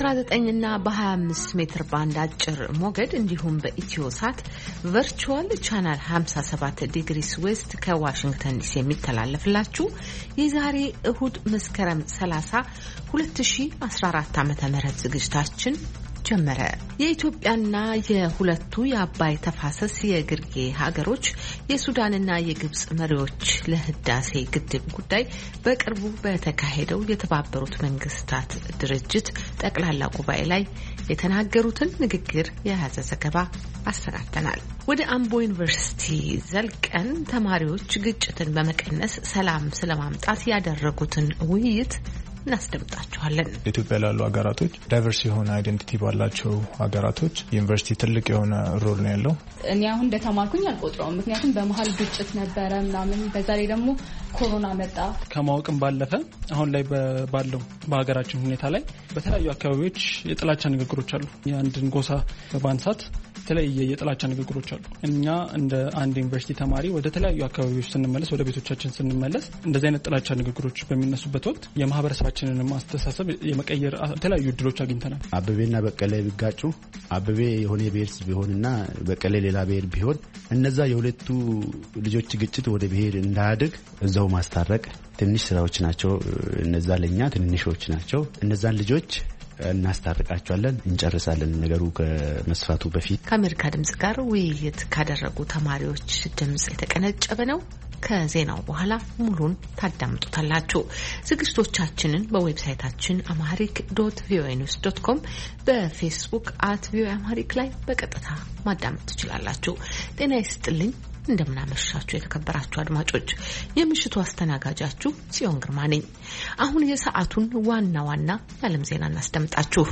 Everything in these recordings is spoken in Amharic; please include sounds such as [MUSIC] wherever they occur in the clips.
በ19 ና በ25 ሜትር ባንድ አጭር ሞገድ እንዲሁም በኢትዮ ሳት ቨርቹዋል ቻናል 57 ዲግሪስ ዌስት ከዋሽንግተን ዲሲ የሚተላለፍላችሁ የዛሬ እሁድ መስከረም 30 2014 ዓ ም ዝግጅታችን ጀመረ። የኢትዮጵያና የሁለቱ የአባይ ተፋሰስ የግርጌ ሀገሮች የሱዳንና የግብጽ መሪዎች ለህዳሴ ግድብ ጉዳይ በቅርቡ በተካሄደው የተባበሩት መንግስታት ድርጅት ጠቅላላ ጉባኤ ላይ የተናገሩትን ንግግር የያዘ ዘገባ አሰናድተናል። ወደ አምቦ ዩኒቨርሲቲ ዘልቀን ተማሪዎች ግጭትን በመቀነስ ሰላም ስለማምጣት ያደረጉትን ውይይት እናስደምጣችኋለን። ኢትዮጵያ ላሉ ሀገራቶች ዳይቨርስ የሆነ አይደንቲቲ ባላቸው ሀገራቶች ዩኒቨርሲቲ ትልቅ የሆነ ሮል ነው ያለው። እኔ አሁን እንደተማርኩኝ አልቆጥረውም፣ ምክንያቱም በመሀል ግጭት ነበረ ምናምን፣ በዛ ላይ ደግሞ ኮሮና መጣ። ከማወቅም ባለፈ አሁን ላይ ባለው በሀገራችን ሁኔታ ላይ በተለያዩ አካባቢዎች የጥላቻ ንግግሮች አሉ። የአንድን ጎሳ በማንሳት የተለያየ የጥላቻ ንግግሮች አሉ። እኛ እንደ አንድ ዩኒቨርሲቲ ተማሪ ወደ ተለያዩ አካባቢዎች ስንመለስ፣ ወደ ቤቶቻችን ስንመለስ እንደዚህ አይነት ጥላቻ ንግግሮች በሚነሱበት ወቅት የማህበረሰባችንን ማስተሳሰብ የመቀየር የተለያዩ እድሎች አግኝተናል። አበቤና በቀለ ቢጋጩ አበቤ የሆነ ብሔር ቢሆንና በቀለ ሌላ ብሔር ቢሆን እነዛ የሁለቱ ልጆች ግጭት ወደ ብሔር እንዳያድግ እዛው ማስታረቅ ትንሽ ስራዎች ናቸው። እነዛ ለእኛ ትንንሾች ናቸው። እነዛን ልጆች እናስታርቃቸዋለን፣ እንጨርሳለን ነገሩ ከመስፋቱ በፊት። ከአሜሪካ ድምጽ ጋር ውይይት ካደረጉ ተማሪዎች ድምጽ የተቀነጨበ ነው። ከዜናው በኋላ ሙሉን ታዳምጡታላችሁ። ዝግጅቶቻችንን በዌብሳይታችን አማሪክ ዶት ቪኦኤ ኒውስ ዶት ኮም በፌስቡክ አት ቪኦኤ አማሪክ ላይ በቀጥታ ማዳመጥ ትችላላችሁ። ጤና ይስጥልኝ። እንደምናመሻችሁ የተከበራችሁ አድማጮች፣ የምሽቱ አስተናጋጃችሁ ጽዮን ግርማ ነኝ። አሁን የሰዓቱን ዋና ዋና የዓለም ዜና እናስደምጣችሁ።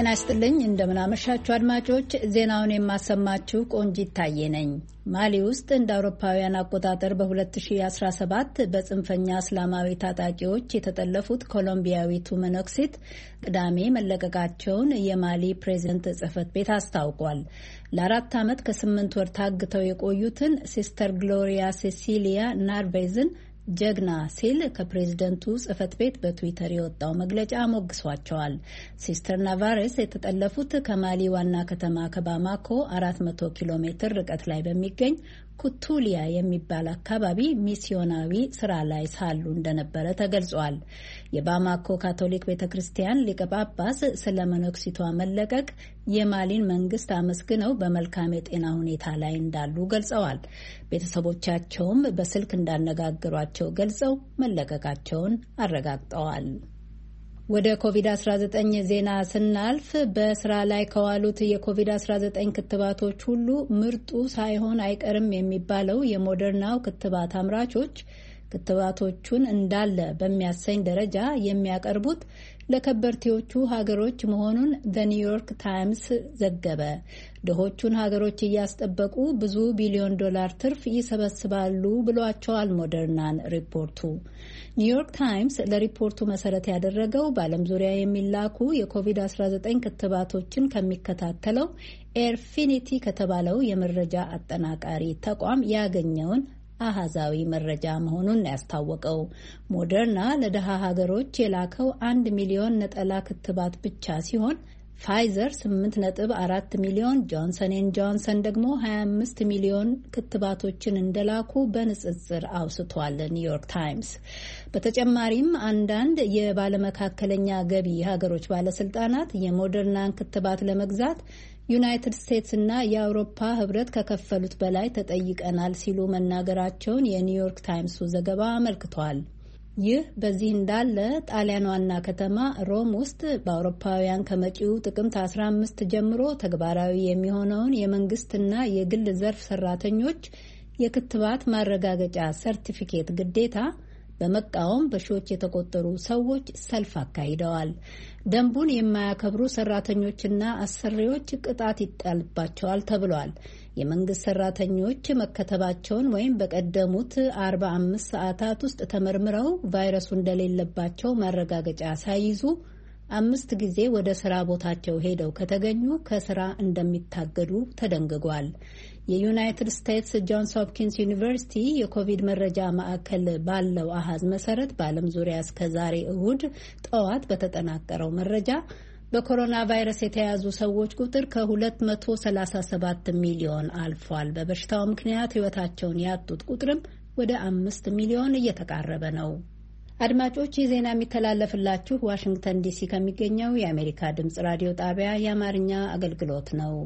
ጤና ይስጥልኝ እንደምናመሻችሁ አድማጮች፣ ዜናውን የማሰማችሁ ቆንጅ ይታየ ነኝ። ማሊ ውስጥ እንደ አውሮፓውያን አቆጣጠር በ2017 በጽንፈኛ እስላማዊ ታጣቂዎች የተጠለፉት ኮሎምቢያዊቱ መነኩሲት ቅዳሜ መለቀቃቸውን የማሊ ፕሬዝደንት ጽህፈት ቤት አስታውቋል። ለአራት ዓመት ከስምንት ወር ታግተው የቆዩትን ሲስተር ግሎሪያ ሴሲሊያ ናርቬዝን ጀግና ሲል ከፕሬዝደንቱ ጽህፈት ቤት በትዊተር የወጣው መግለጫ ሞግሷቸዋል። ሲስተር ናቫሬስ የተጠለፉት ከማሊ ዋና ከተማ ከባማኮ 400 ኪሎ ሜትር ርቀት ላይ በሚገኝ ኩቱሊያ የሚባል አካባቢ ሚስዮናዊ ስራ ላይ ሳሉ እንደነበረ ተገልጿል። የባማኮ ካቶሊክ ቤተ ክርስቲያን ሊቀ ጳጳስ ስለ መነኩሲቷ መለቀቅ የማሊን መንግስት አመስግነው በመልካም የጤና ሁኔታ ላይ እንዳሉ ገልጸዋል። ቤተሰቦቻቸውም በስልክ እንዳነጋግሯቸው ገልጸው መለቀቃቸውን አረጋግጠዋል። ወደ ኮቪድ-19 ዜና ስናልፍ በስራ ላይ ከዋሉት የኮቪድ-19 ክትባቶች ሁሉ ምርጡ ሳይሆን አይቀርም የሚባለው የሞደርናው ክትባት አምራቾች ክትባቶቹን እንዳለ በሚያሰኝ ደረጃ የሚያቀርቡት ለከበርቴዎቹ ሀገሮች መሆኑን በኒውዮርክ ታይምስ ዘገበ። ድሆቹን ሀገሮች እያስጠበቁ ብዙ ቢሊዮን ዶላር ትርፍ ይሰበስባሉ ብሏቸዋል ሞደርናን ሪፖርቱ። ኒውዮርክ ታይምስ ለሪፖርቱ መሰረት ያደረገው በዓለም ዙሪያ የሚላኩ የኮቪድ-19 ክትባቶችን ከሚከታተለው ኤርፊኒቲ ከተባለው የመረጃ አጠናቃሪ ተቋም ያገኘውን አሃዛዊ መረጃ መሆኑን ያስታወቀው። ሞደርና ለድሀ ሀገሮች የላከው አንድ ሚሊዮን ነጠላ ክትባት ብቻ ሲሆን ፋይዘር 8.4 ሚሊዮን፣ ጆንሰን ኤን ጆንሰን ደግሞ 25 ሚሊዮን ክትባቶችን እንደላኩ በንጽጽር አውስቷል ኒውዮርክ ታይምስ። በተጨማሪም አንዳንድ የባለመካከለኛ ገቢ ሀገሮች ባለስልጣናት የሞደርናን ክትባት ለመግዛት ዩናይትድ ስቴትስና የአውሮፓ ህብረት ከከፈሉት በላይ ተጠይቀናል ሲሉ መናገራቸውን የኒውዮርክ ታይምሱ ዘገባ አመልክቷል። ይህ በዚህ እንዳለ ጣሊያን ዋና ከተማ ሮም ውስጥ በአውሮፓውያን ከመጪው ጥቅምት 15 ጀምሮ ተግባራዊ የሚሆነውን የመንግስትና የግል ዘርፍ ሰራተኞች የክትባት ማረጋገጫ ሰርቲፊኬት ግዴታ በመቃወም በሺዎች የተቆጠሩ ሰዎች ሰልፍ አካሂደዋል። ደንቡን የማያከብሩ ሰራተኞችና አሰሪዎች ቅጣት ይጣልባቸዋል ተብሏል። የመንግስት ሰራተኞች መከተባቸውን ወይም በቀደሙት 45 ሰዓታት ውስጥ ተመርምረው ቫይረሱ እንደሌለባቸው ማረጋገጫ ሳይይዙ አምስት ጊዜ ወደ ስራ ቦታቸው ሄደው ከተገኙ ከስራ እንደሚታገዱ ተደንግጓል። የዩናይትድ ስቴትስ ጆንስ ሆፕኪንስ ዩኒቨርሲቲ የኮቪድ መረጃ ማዕከል ባለው አሃዝ መሰረት በዓለም ዙሪያ እስከ ዛሬ እሁድ ጠዋት በተጠናቀረው መረጃ በኮሮና ቫይረስ የተያዙ ሰዎች ቁጥር ከ237 ሚሊዮን አልፏል። በበሽታው ምክንያት ሕይወታቸውን ያጡት ቁጥርም ወደ አምስት ሚሊዮን እየተቃረበ ነው። አድማጮች ይህ ዜና የሚተላለፍላችሁ ዋሽንግተን ዲሲ ከሚገኘው የአሜሪካ ድምጽ ራዲዮ ጣቢያ የአማርኛ አገልግሎት ነው።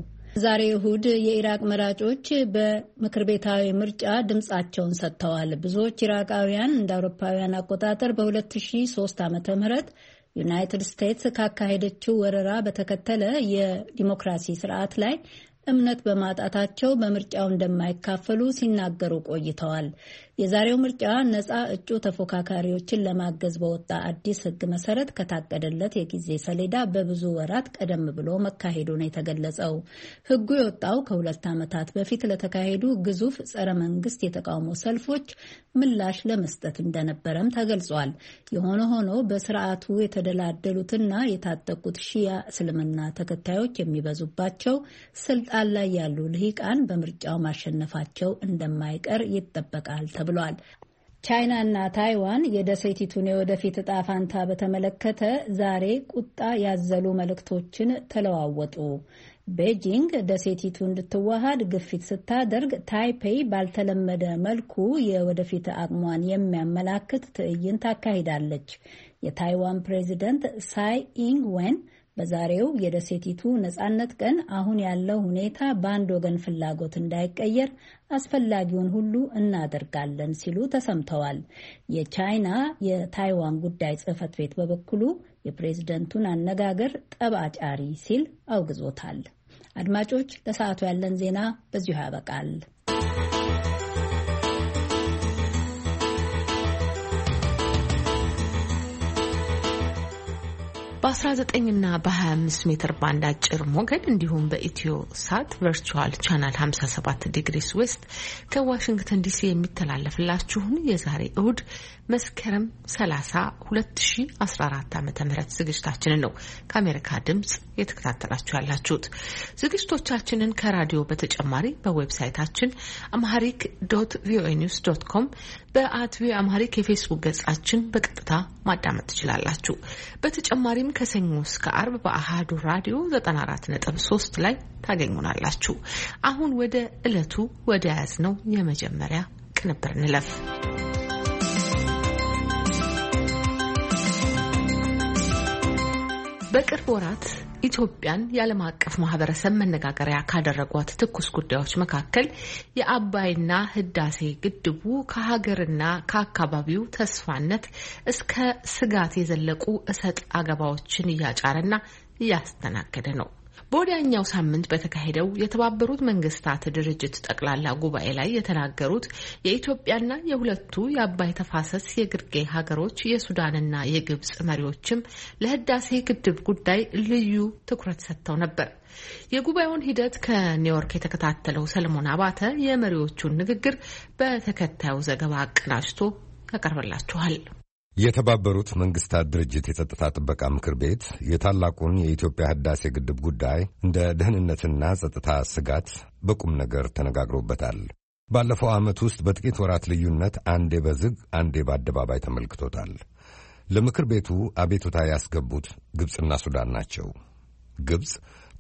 ዛሬ እሁድ የኢራቅ መራጮች በምክር ቤታዊ ምርጫ ድምፃቸውን ሰጥተዋል። ብዙዎች ኢራቃውያን እንደ አውሮፓውያን አቆጣጠር በ2003 ዓ.ም ዩናይትድ ስቴትስ ካካሄደችው ወረራ በተከተለ የዲሞክራሲ ስርዓት ላይ እምነት በማጣታቸው በምርጫው እንደማይካፈሉ ሲናገሩ ቆይተዋል። የዛሬው ምርጫ ነፃ እጩ ተፎካካሪዎችን ለማገዝ በወጣ አዲስ ሕግ መሰረት ከታቀደለት የጊዜ ሰሌዳ በብዙ ወራት ቀደም ብሎ መካሄዱ ነው የተገለጸው። ሕጉ የወጣው ከሁለት ዓመታት በፊት ለተካሄዱ ግዙፍ ጸረ መንግስት የተቃውሞ ሰልፎች ምላሽ ለመስጠት እንደነበረም ተገልጿል። የሆነ ሆኖ በስርዓቱ የተደላደሉትና የታጠቁት ሺያ እስልምና ተከታዮች የሚበዙባቸው ስልጣን ላይ ያሉ ልሂቃን በምርጫው ማሸነፋቸው እንደማይቀር ይጠበቃል። ተብሏል። ቻይናና ታይዋን የደሴቲቱን የወደፊት እጣ ፋንታ በተመለከተ ዛሬ ቁጣ ያዘሉ መልእክቶችን ተለዋወጡ። ቤጂንግ ደሴቲቱ እንድትዋሃድ ግፊት ስታደርግ ታይፔይ ባልተለመደ መልኩ የወደፊት አቅሟን የሚያመላክት ትዕይንት አካሂዳለች። የታይዋን ፕሬዚደንት ሳይ ኢንግ ወን በዛሬው የደሴቲቱ ነጻነት ቀን አሁን ያለው ሁኔታ በአንድ ወገን ፍላጎት እንዳይቀየር አስፈላጊውን ሁሉ እናደርጋለን ሲሉ ተሰምተዋል። የቻይና የታይዋን ጉዳይ ጽህፈት ቤት በበኩሉ የፕሬዝደንቱን አነጋገር ጠባጫሪ ሲል አውግዞታል። አድማጮች፣ ለሰዓቱ ያለን ዜና በዚሁ ያበቃል። በ19ና በ25 ሜትር ባንድ አጭር ሞገድ እንዲሁም በኢትዮ ሳት ቨርቹዋል ቻናል 57 ዲግሪስ ዌስት ከዋሽንግተን ዲሲ የሚተላለፍላችሁን የዛሬ እሁድ መስከረም 30 2014 ዓ ም ዝግጅታችንን ነው ከአሜሪካ ድምፅ የተከታተላችሁ ያላችሁት። ዝግጅቶቻችንን ከራዲዮ በተጨማሪ በዌብሳይታችን አምሃሪክ ዶት ቪኦኤ ኒውስ ዶት ኮም በአት ቪኦኤ አምሃሪክ የፌስቡክ ገጻችን በቀጥታ ማዳመጥ ትችላላችሁ። በተጨማሪም ከሰኞ እስከ አርብ በአሃዱ ራዲዮ 94.3 ላይ ታገኙናላችሁ። አሁን ወደ ዕለቱ ወደ ያዝነው የመጀመሪያ ቅንብር እንለፍ። በቅርብ ወራት ኢትዮጵያን የዓለም አቀፍ ማህበረሰብ መነጋገሪያ ካደረጓት ትኩስ ጉዳዮች መካከል የአባይና ህዳሴ ግድቡ ከሀገርና ከአካባቢው ተስፋነት እስከ ስጋት የዘለቁ እሰጥ አገባዎችን እያጫረና እያስተናገደ ነው። በወዲያኛው ሳምንት በተካሄደው የተባበሩት መንግስታት ድርጅት ጠቅላላ ጉባኤ ላይ የተናገሩት የኢትዮጵያና የሁለቱ የአባይ ተፋሰስ የግርጌ ሀገሮች የሱዳንና የግብጽ መሪዎችም ለህዳሴ ግድብ ጉዳይ ልዩ ትኩረት ሰጥተው ነበር። የጉባኤውን ሂደት ከኒውዮርክ የተከታተለው ሰለሞን አባተ የመሪዎቹን ንግግር በተከታዩ ዘገባ አቀናጅቶ ያቀርብላችኋል። የተባበሩት መንግስታት ድርጅት የጸጥታ ጥበቃ ምክር ቤት የታላቁን የኢትዮጵያ ህዳሴ ግድብ ጉዳይ እንደ ደህንነትና ጸጥታ ስጋት በቁም ነገር ተነጋግሮበታል። ባለፈው ዓመት ውስጥ በጥቂት ወራት ልዩነት አንዴ በዝግ አንዴ በአደባባይ ተመልክቶታል። ለምክር ቤቱ አቤቱታ ያስገቡት ግብፅና ሱዳን ናቸው። ግብፅ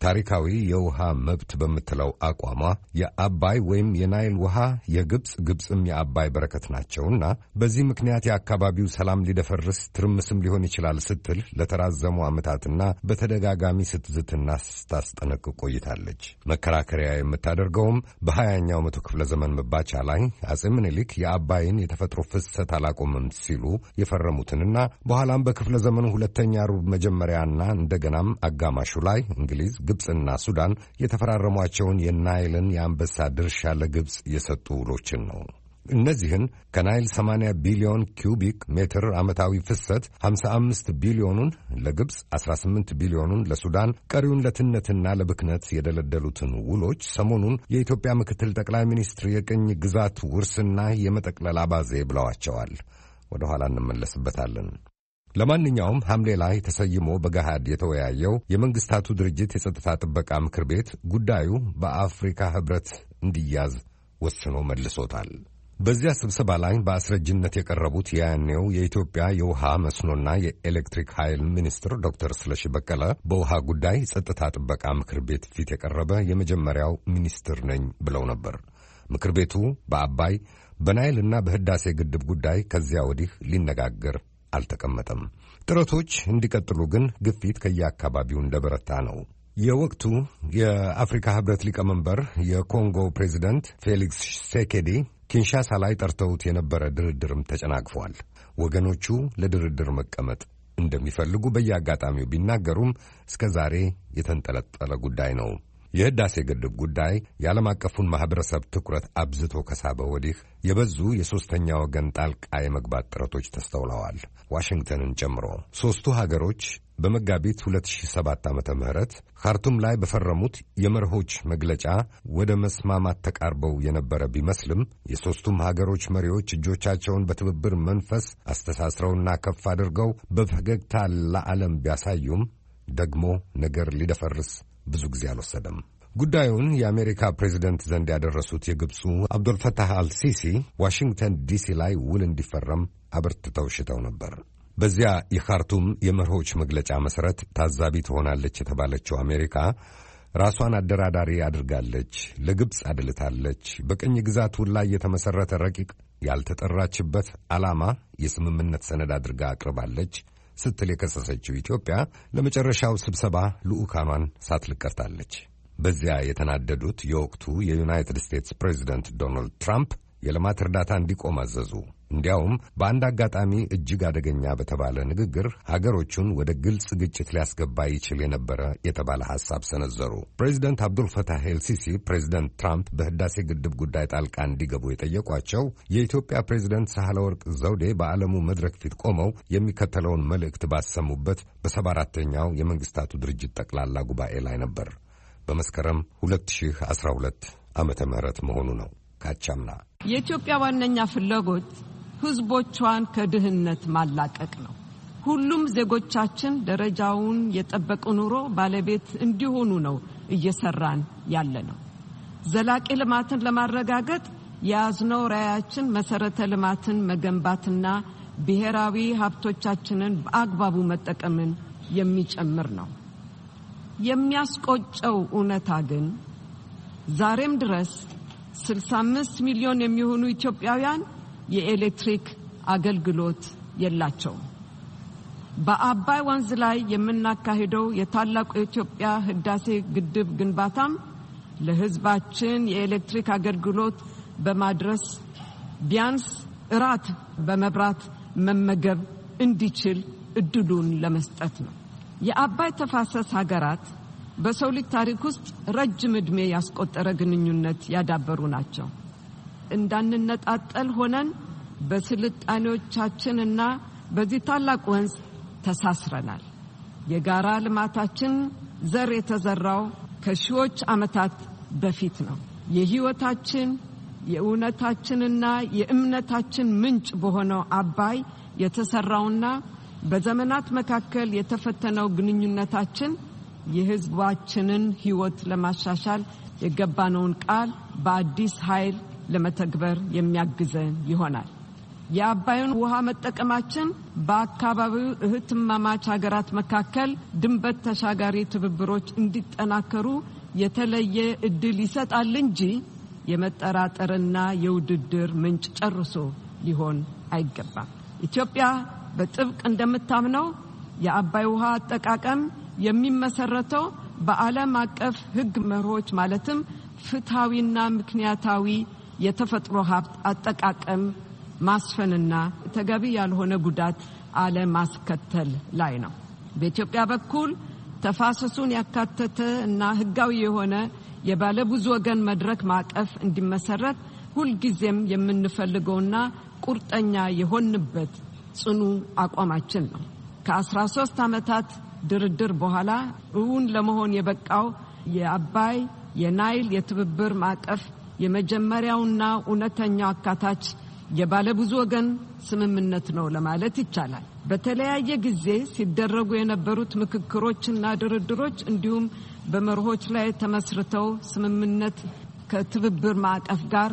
ታሪካዊ የውሃ መብት በምትለው አቋሟ የአባይ ወይም የናይል ውሃ የግብፅ ግብፅም የአባይ በረከት ናቸውና በዚህ ምክንያት የአካባቢው ሰላም ሊደፈርስ ትርምስም ሊሆን ይችላል ስትል ለተራዘሙ ዓመታትና በተደጋጋሚ ስትዝትና ስታስጠነቅቅ ቆይታለች። መከራከሪያ የምታደርገውም በሀያኛው መቶ ክፍለ ዘመን መባቻ ላይ አጼ ምኒልክ የአባይን የተፈጥሮ ፍሰት አላቆምም ሲሉ የፈረሙትንና በኋላም በክፍለ ዘመኑ ሁለተኛ ሩብ መጀመሪያና እንደገናም አጋማሹ ላይ እንግሊዝ ግብፅና ሱዳን የተፈራረሟቸውን የናይልን የአንበሳ ድርሻ ለግብፅ የሰጡ ውሎችን ነው። እነዚህን ከናይል 80 ቢሊዮን ኪዩቢክ ሜትር ዓመታዊ ፍሰት 55 ቢሊዮኑን ለግብፅ፣ 18 ቢሊዮኑን ለሱዳን፣ ቀሪውን ለትነትና ለብክነት የደለደሉትን ውሎች ሰሞኑን የኢትዮጵያ ምክትል ጠቅላይ ሚኒስትር የቅኝ ግዛት ውርስና የመጠቅለል አባዜ ብለዋቸዋል። ወደ ኋላ እንመለስበታለን። ለማንኛውም ሐምሌ ላይ ተሰይሞ በገሃድ የተወያየው የመንግስታቱ ድርጅት የጸጥታ ጥበቃ ምክር ቤት ጉዳዩ በአፍሪካ ህብረት እንዲያዝ ወስኖ መልሶታል። በዚያ ስብሰባ ላይ በአስረጅነት የቀረቡት የያኔው የኢትዮጵያ የውሃ መስኖና የኤሌክትሪክ ኃይል ሚኒስትር ዶክተር ስለሺ በቀለ በውሃ ጉዳይ ጸጥታ ጥበቃ ምክር ቤት ፊት የቀረበ የመጀመሪያው ሚኒስትር ነኝ ብለው ነበር። ምክር ቤቱ በአባይ በናይልና በህዳሴ ግድብ ጉዳይ ከዚያ ወዲህ ሊነጋገር አልተቀመጠም። ጥረቶች እንዲቀጥሉ ግን ግፊት ከየአካባቢው እንደበረታ ነው። የወቅቱ የአፍሪካ ህብረት ሊቀመንበር የኮንጎ ፕሬዚደንት ፌሊክስ ሴኬዲ ኪንሻሳ ላይ ጠርተውት የነበረ ድርድርም ተጨናግፏል። ወገኖቹ ለድርድር መቀመጥ እንደሚፈልጉ በየአጋጣሚው ቢናገሩም እስከ ዛሬ የተንጠለጠለ ጉዳይ ነው። የህዳሴ ግድብ ጉዳይ የዓለም አቀፉን ማኅበረሰብ ትኩረት አብዝቶ ከሳበ ወዲህ የበዙ የሦስተኛ ወገን ጣልቃ የመግባት ጥረቶች ተስተውለዋል። ዋሽንግተንን ጨምሮ ሦስቱ ሀገሮች በመጋቢት 2007 ዓ ም ካርቱም ላይ በፈረሙት የመርሆች መግለጫ ወደ መስማማት ተቃርበው የነበረ ቢመስልም የሦስቱም ሀገሮች መሪዎች እጆቻቸውን በትብብር መንፈስ አስተሳስረውና ከፍ አድርገው በፈገግታ ለዓለም ቢያሳዩም ደግሞ ነገር ሊደፈርስ ብዙ ጊዜ አልወሰደም። ጉዳዩን የአሜሪካ ፕሬዚደንት ዘንድ ያደረሱት የግብፁ አብዶልፈታህ አልሲሲ ዋሽንግተን ዲሲ ላይ ውል እንዲፈረም አበርትተው ሽተው ነበር። በዚያ የካርቱም የመርሆች መግለጫ መሠረት ታዛቢ ትሆናለች የተባለችው አሜሪካ ራሷን አደራዳሪ አድርጋለች፣ ለግብፅ አድልታለች። በቅኝ ግዛት ውል ላይ የተመሠረተ ረቂቅ ያልተጠራችበት ዓላማ የስምምነት ሰነድ አድርጋ አቅርባለች። ስትል የከሰሰችው ኢትዮጵያ ለመጨረሻው ስብሰባ ልዑካኗን ሳትልቀርታለች። በዚያ የተናደዱት የወቅቱ የዩናይትድ ስቴትስ ፕሬዚደንት ዶናልድ ትራምፕ የልማት እርዳታ እንዲቆም አዘዙ። እንዲያውም በአንድ አጋጣሚ እጅግ አደገኛ በተባለ ንግግር ሀገሮቹን ወደ ግልጽ ግጭት ሊያስገባ ይችል የነበረ የተባለ ሐሳብ ሰነዘሩ። ፕሬዚደንት አብዱልፈታህ ኤልሲሲ ፕሬዚደንት ትራምፕ በህዳሴ ግድብ ጉዳይ ጣልቃ እንዲገቡ የጠየቋቸው የኢትዮጵያ ፕሬዚደንት ሳህለ ወርቅ ዘውዴ በዓለሙ መድረክ ፊት ቆመው የሚከተለውን መልእክት ባሰሙበት በሰባ አራተኛው የመንግስታቱ ድርጅት ጠቅላላ ጉባኤ ላይ ነበር። በመስከረም 2012 ዓመተ ምህረት መሆኑ ነው። ካቻምና የኢትዮጵያ ዋነኛ ፍላጎት ህዝቦቿን ከድህነት ማላቀቅ ነው። ሁሉም ዜጎቻችን ደረጃውን የጠበቀ ኑሮ ባለቤት እንዲሆኑ ነው እየሰራን ያለ ነው። ዘላቂ ልማትን ለማረጋገጥ የያዝነው ራዕያችን መሰረተ ልማትን መገንባትና ብሔራዊ ሀብቶቻችንን በአግባቡ መጠቀምን የሚጨምር ነው። የሚያስቆጨው እውነታ ግን ዛሬም ድረስ 65 ሚሊዮን የሚሆኑ ኢትዮጵያውያን የኤሌክትሪክ አገልግሎት የላቸውም። በአባይ ወንዝ ላይ የምናካሂደው የታላቁ የኢትዮጵያ ህዳሴ ግድብ ግንባታም ለህዝባችን የኤሌክትሪክ አገልግሎት በማድረስ ቢያንስ እራት በመብራት መመገብ እንዲችል እድሉን ለመስጠት ነው። የአባይ ተፋሰስ ሀገራት በሰው ልጅ ታሪክ ውስጥ ረጅም ዕድሜ ያስቆጠረ ግንኙነት ያዳበሩ ናቸው። እንዳንነጣጠል ሆነን በስልጣኔዎቻችንና በዚህ ታላቅ ወንዝ ተሳስረናል። የጋራ ልማታችን ዘር የተዘራው ከሺዎች ዓመታት በፊት ነው። የሕይወታችን የእውነታችንና የእምነታችን ምንጭ በሆነው አባይ የተሰራውና በዘመናት መካከል የተፈተነው ግንኙነታችን የሕዝባችንን ሕይወት ለማሻሻል የገባነውን ቃል በአዲስ ኃይል ለመተግበር የሚያግዘን ይሆናል። የአባዩን ውሃ መጠቀማችን በአካባቢው እህትማማች ሀገራት መካከል ድንበር ተሻጋሪ ትብብሮች እንዲጠናከሩ የተለየ እድል ይሰጣል እንጂ የመጠራጠርና የውድድር ምንጭ ጨርሶ ሊሆን አይገባም። ኢትዮጵያ በጥብቅ እንደምታምነው የአባይ ውሃ አጠቃቀም የሚመሰረተው በዓለም አቀፍ ሕግ መርሆች ማለትም ፍትሐዊና ምክንያታዊ የተፈጥሮ ሀብት አጠቃቀም ማስፈንና ተገቢ ያልሆነ ጉዳት አለማስከተል ላይ ነው። በኢትዮጵያ በኩል ተፋሰሱን ያካተተ እና ሕጋዊ የሆነ የባለ ብዙ ወገን መድረክ ማዕቀፍ እንዲመሰረት ሁልጊዜም የምንፈልገውና ቁርጠኛ የሆንበት ጽኑ አቋማችን ነው። ከ13 ዓመታት ድርድር በኋላ እውን ለመሆን የበቃው የአባይ የናይል የትብብር ማዕቀፍ የመጀመሪያውና እውነተኛው አካታች የባለብዙ ወገን ስምምነት ነው ለማለት ይቻላል። በተለያየ ጊዜ ሲደረጉ የነበሩት ምክክሮችና ድርድሮች እንዲሁም በመርሆች ላይ ተመስርተው ስምምነት ከትብብር ማዕቀፍ ጋር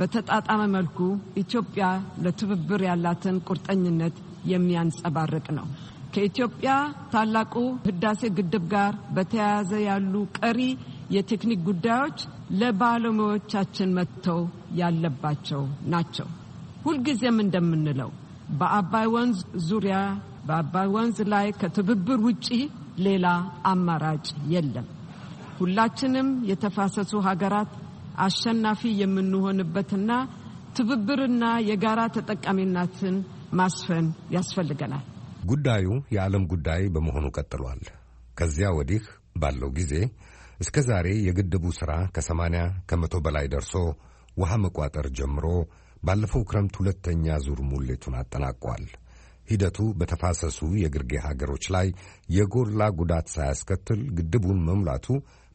በተጣጣመ መልኩ ኢትዮጵያ ለትብብር ያላትን ቁርጠኝነት የሚያንጸባርቅ ነው። ከኢትዮጵያ ታላቁ ህዳሴ ግድብ ጋር በተያያዘ ያሉ ቀሪ የቴክኒክ ጉዳዮች ለባለሙያዎቻችን መጥተው ያለባቸው ናቸው። ሁልጊዜም እንደምንለው በአባይ ወንዝ ዙሪያ በአባይ ወንዝ ላይ ከትብብር ውጪ ሌላ አማራጭ የለም። ሁላችንም የተፋሰሱ ሀገራት አሸናፊ የምንሆንበትና ትብብርና የጋራ ተጠቃሚነትን ማስፈን ያስፈልገናል። ጉዳዩ የዓለም ጉዳይ በመሆኑ ቀጥሏል። ከዚያ ወዲህ ባለው ጊዜ እስከ ዛሬ የግድቡ ሥራ ከሰማንያ ከመቶ በላይ ደርሶ ውሃ መቋጠር ጀምሮ ባለፈው ክረምት ሁለተኛ ዙር ሙሌቱን አጠናቋል። ሂደቱ በተፋሰሱ የግርጌ ሀገሮች ላይ የጎላ ጉዳት ሳያስከትል ግድቡን መሙላቱ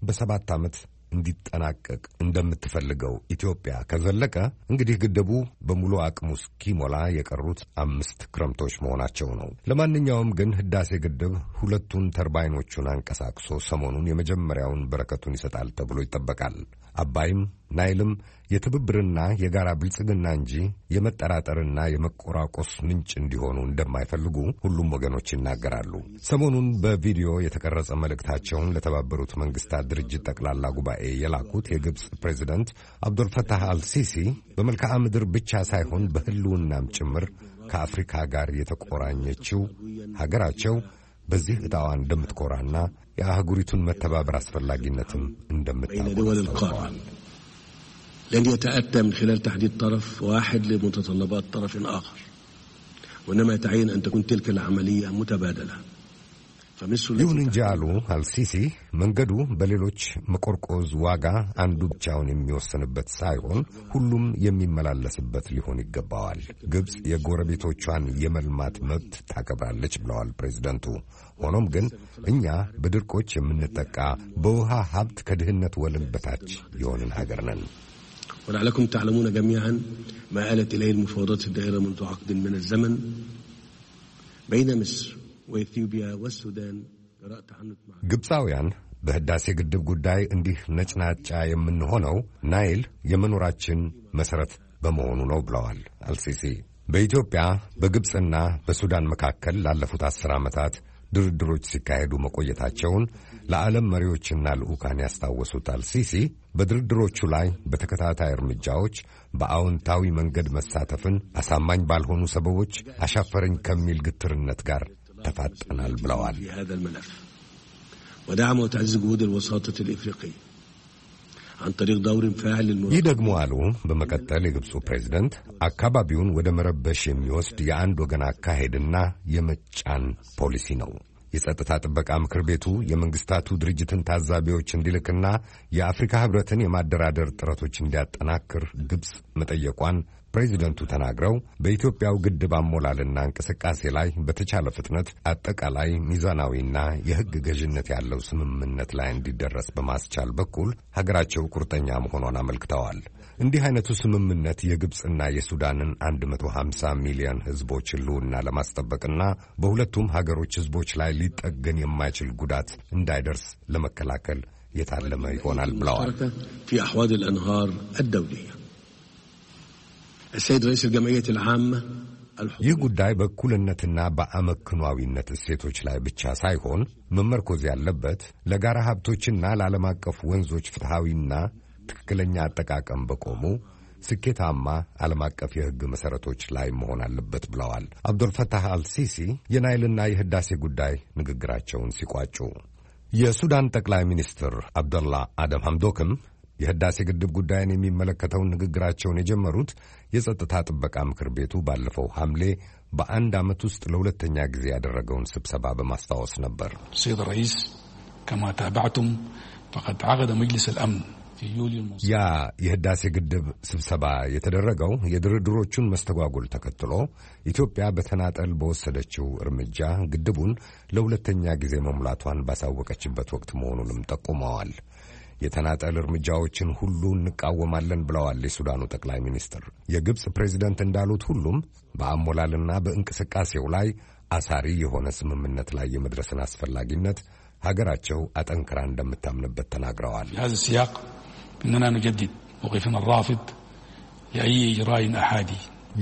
በሰባት ዓመት እንዲጠናቀቅ እንደምትፈልገው ኢትዮጵያ ከዘለቀ እንግዲህ ግድቡ በሙሉ አቅሙ እስኪሞላ የቀሩት አምስት ክረምቶች መሆናቸው ነው። ለማንኛውም ግን ህዳሴ ግድብ ሁለቱን ተርባይኖቹን አንቀሳቅሶ ሰሞኑን የመጀመሪያውን በረከቱን ይሰጣል ተብሎ ይጠበቃል። አባይም ናይልም የትብብርና የጋራ ብልጽግና እንጂ የመጠራጠርና የመቆራቆስ ምንጭ እንዲሆኑ እንደማይፈልጉ ሁሉም ወገኖች ይናገራሉ። ሰሞኑን በቪዲዮ የተቀረጸ መልእክታቸውን ለተባበሩት መንግስታት ድርጅት ጠቅላላ ጉባኤ የላኩት የግብፅ ፕሬዚደንት አብዶልፈታህ አልሲሲ በመልክዓ ምድር ብቻ ሳይሆን በህልውናም ጭምር ከአፍሪካ ጋር የተቆራኘችው ሀገራቸው በዚህ ዕጣዋ እንደምትኮራና የአህጉሪቱን መተባበር አስፈላጊነትም እንደምታውቀዋል لن يتأتى من خلال تحديد طرف واحد لمتطلبات طرف آخر وإنما يتعين أن تكون تلك العملية متبادلة ይሁን እንጂ አሉ አልሲሲ፣ መንገዱ በሌሎች መቆርቆዝ ዋጋ አንዱ ብቻውን የሚወሰንበት ሳይሆን ሁሉም የሚመላለስበት ሊሆን ይገባዋል። ግብፅ የጎረቤቶቿን የመልማት መብት ታከብራለች ብለዋል ፕሬዚደንቱ። ሆኖም ግን እኛ በድርቆች የምንጠቃ በውሃ ሀብት ከድህነት ወለል በታች የሆንን ሀገር ነን። ولعلكم تعلمون جميعا ما آلت إليه المفاوضات الدائرة منذ عقد من الزمن بين مصر وإثيوبيا والسودان قرأت عنه ግብፃውያን በህዳሴ ግድብ ጉዳይ እንዲህ ነጭናጫ የምንሆነው ናይል የመኖራችን መሠረት በመሆኑ ነው ብለዋል አልሲሲ። በኢትዮጵያ በግብፅና በሱዳን መካከል ላለፉት አስር ዓመታት ድርድሮች ሲካሄዱ መቆየታቸውን ለዓለም መሪዎችና ልዑካን ያስታወሱት አልሲሲ በድርድሮቹ ላይ በተከታታይ እርምጃዎች በአዎንታዊ መንገድ መሳተፍን አሳማኝ ባልሆኑ ሰበቦች አሻፈረኝ ከሚል ግትርነት ጋር ተፋጠናል ብለዋል። ይህ ደግሞ አሉ በመቀጠል የግብፁ ፕሬዚደንት አካባቢውን ወደ መረበሽ የሚወስድ የአንድ ወገን አካሄድና የመጫን ፖሊሲ ነው። የጸጥታ ጥበቃ ምክር ቤቱ የመንግስታቱ ድርጅትን ታዛቢዎች እንዲልክና የአፍሪካ ህብረትን የማደራደር ጥረቶች እንዲያጠናክር ግብፅ መጠየቋን ፕሬዚደንቱ ተናግረው በኢትዮጵያው ግድብ አሞላልና እንቅስቃሴ ላይ በተቻለ ፍጥነት አጠቃላይ ሚዛናዊና የሕግ ገዥነት ያለው ስምምነት ላይ እንዲደረስ በማስቻል በኩል ሀገራቸው ቁርጠኛ መሆኗን አመልክተዋል። እንዲህ አይነቱ ስምምነት የግብፅና የሱዳንን 150 ሚሊዮን ሕዝቦች ሕልውና ለማስጠበቅና በሁለቱም ሀገሮች ሕዝቦች ላይ ሊጠገን የማይችል ጉዳት እንዳይደርስ ለመከላከል የታለመ ይሆናል ብለዋል። ይህ ጉዳይ በእኩልነትና በአመክኗዊነት እሴቶች ላይ ብቻ ሳይሆን መመርኮዝ ያለበት ለጋራ ሀብቶችና ለዓለም አቀፍ ወንዞች ፍትሐዊና ትክክለኛ አጠቃቀም በቆሙ ስኬታማ ዓለም አቀፍ የሕግ መሠረቶች ላይ መሆን አለበት ብለዋል አብዶልፈታህ አልሲሲ የናይልና የህዳሴ ጉዳይ ንግግራቸውን ሲቋጩ። የሱዳን ጠቅላይ ሚኒስትር አብደላ አደም ሐምዶክም የህዳሴ ግድብ ጉዳይን የሚመለከተውን ንግግራቸውን የጀመሩት የጸጥታ ጥበቃ ምክር ቤቱ ባለፈው ሐምሌ በአንድ ዓመት ውስጥ ለሁለተኛ ጊዜ ያደረገውን ስብሰባ በማስታወስ ነበር። ሴድ ረይስ ከማ ታባዕቱም ፈቀድ ዓቀደ መጅሊስ አልአምን ያ የህዳሴ ግድብ ስብሰባ የተደረገው የድርድሮቹን መስተጓጎል ተከትሎ ኢትዮጵያ በተናጠል በወሰደችው እርምጃ ግድቡን ለሁለተኛ ጊዜ መሙላቷን ባሳወቀችበት ወቅት መሆኑንም ጠቁመዋል። የተናጠል እርምጃዎችን ሁሉ እንቃወማለን ብለዋል የሱዳኑ ጠቅላይ ሚኒስትር። የግብፅ ፕሬዚደንት እንዳሉት ሁሉም በአሞላልና በእንቅስቃሴው ላይ አሳሪ የሆነ ስምምነት ላይ የመድረስን አስፈላጊነት ሀገራቸው አጠንክራ እንደምታምንበት ተናግረዋል። ሲያቅ እንና ንጀዲድ ወቂፍና ራፊድ አሓዲ